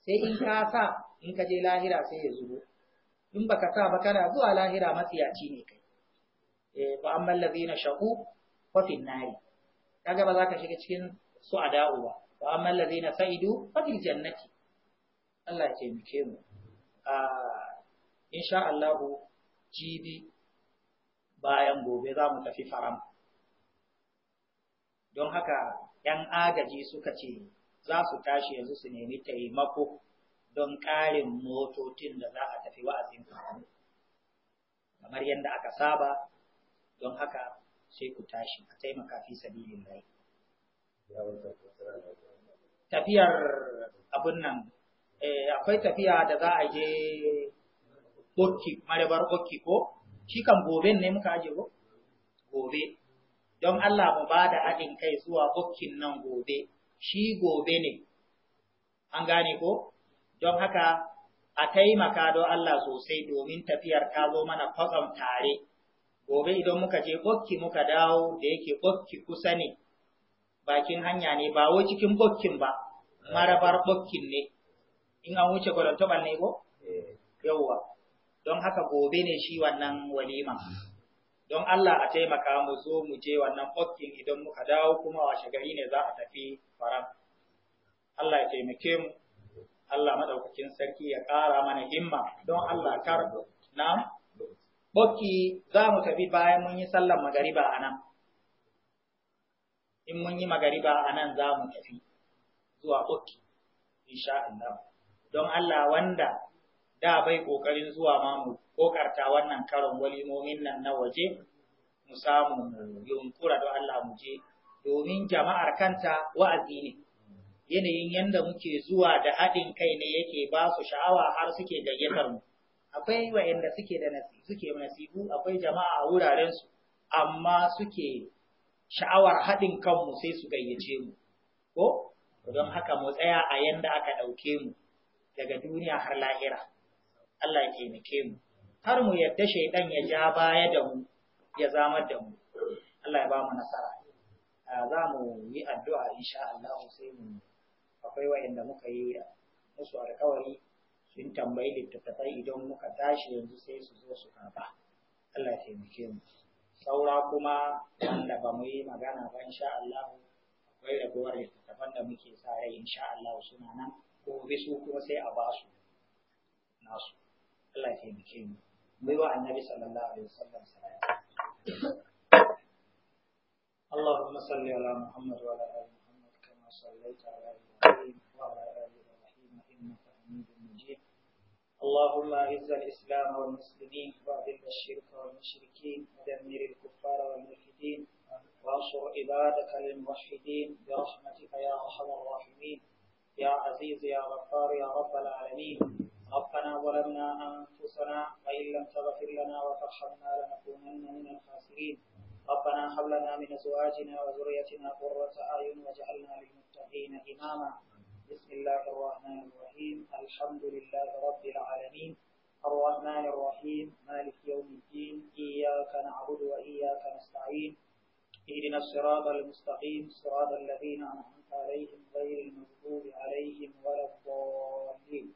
sai in ka sa in ka je lahira sai ya zubo in baka sa ba kana zuwa lahira matsiyaci ne kai eh fa amman ladina shaqu fa fi nari kaga ba za ka shiga cikin su ada'u ba wa amman ladina sa'idu fa fil jannati Allah ya taimake mu a ah, insha Allah jibi bayan gobe za mu tafi faram don haka ‘yan agaji suka ce za su tashi yanzu su nemi taimako don ƙarin motocin da za a tafi wa'azin faram kamar yadda aka saba don haka sai ku tashi a taimaka fi sabilin rai tafiyar abin nan eh, akwai tafiya da za a je Bokki, Marebar ko? shi kan gobe ne muka aje ko gobe don Allah mu ba da haɗin kai zuwa bukkin nan gobe shi gobe ne an gane ko don haka a taimaka don Allah sosai domin tafiyar ta zo mana kwatsam tare gobe idan muka je bukki muka dawo da yake bukki kusa ne bakin hanya ne ba wai cikin bukkin ba marabar bukkin ne in an wuce gwadon ne ko eh. Yawwa. don haka gobe ne shi wannan walima don Allah a taimaka mu zo mu je wannan fokkin idan muka dawo kuma washe gari ne za a tafi faram Allah ya taimake mu Allah madaukakin sarki ya ƙara mana himma don Allah kar na bokki za mu tafi bayan mun yi sallar magariba a nan in mun yi magariba a nan za mu tafi zuwa bokki insha Allah don Allah wanda da bai kokarin zuwa ma mu kokarta wannan karon walimomin nan na waje mu samu yunkura da Allah mu je domin jama'ar kanta wa'azi ne yanayin yanda muke zuwa da haɗin kai ne yake ba su sha'awa har suke gayyatar mu akwai wa'anda suke da suke nasibu akwai jama'a a wuraren su amma suke sha'awar haɗin kanmu sai su gayyace mu ko don haka mu tsaya a yanda aka ɗauke mu daga duniya har lahira Allah ya taimake mu har mu yadda shaidan ya ja baya da mu ya zamar da mu Allah ya ba mu nasara za mu yi addu'a insha Allah sai mu akwai wa'anda muka yi musu alƙawari sun tambayi littattafai idan muka tashi yanzu sai su zo su karba Allah ya taimake mu saura kuma wanda ba mu yi magana ba insha Allah akwai ragowar littattafan da muke sa rai insha Allah suna nan ko bisu kuma sai a basu nasu الله ya taimake mu mai wa annabi sallallahu alaihi wasallam اللهم صل على محمد وعلى ال محمد كما صليت على ابراهيم وعلى ال ابراهيم انك حميد مجيد اللهم اعز الاسلام والمسلمين واذل الشرك والمشركين ودمر الكفار والملحدين وانصر عبادك للموحدين برحمتك يا ارحم الراحمين يا عزيز يا غفار يا رب العالمين ربنا ظلمنا أنفسنا وإن لم تغفر لنا وترحمنا لنكونن من الخاسرين ربنا هب لنا من أزواجنا وذريتنا قرة أعين واجعلنا للمتقين إماما بسم الله الرحمن الرحيم الحمد لله رب العالمين الرحمن الرحيم مالك يوم الدين إياك نعبد وإياك نستعين اهدنا الصراط المستقيم صراط الذين أنعمت عليهم غير المغضوب عليهم ولا الضالين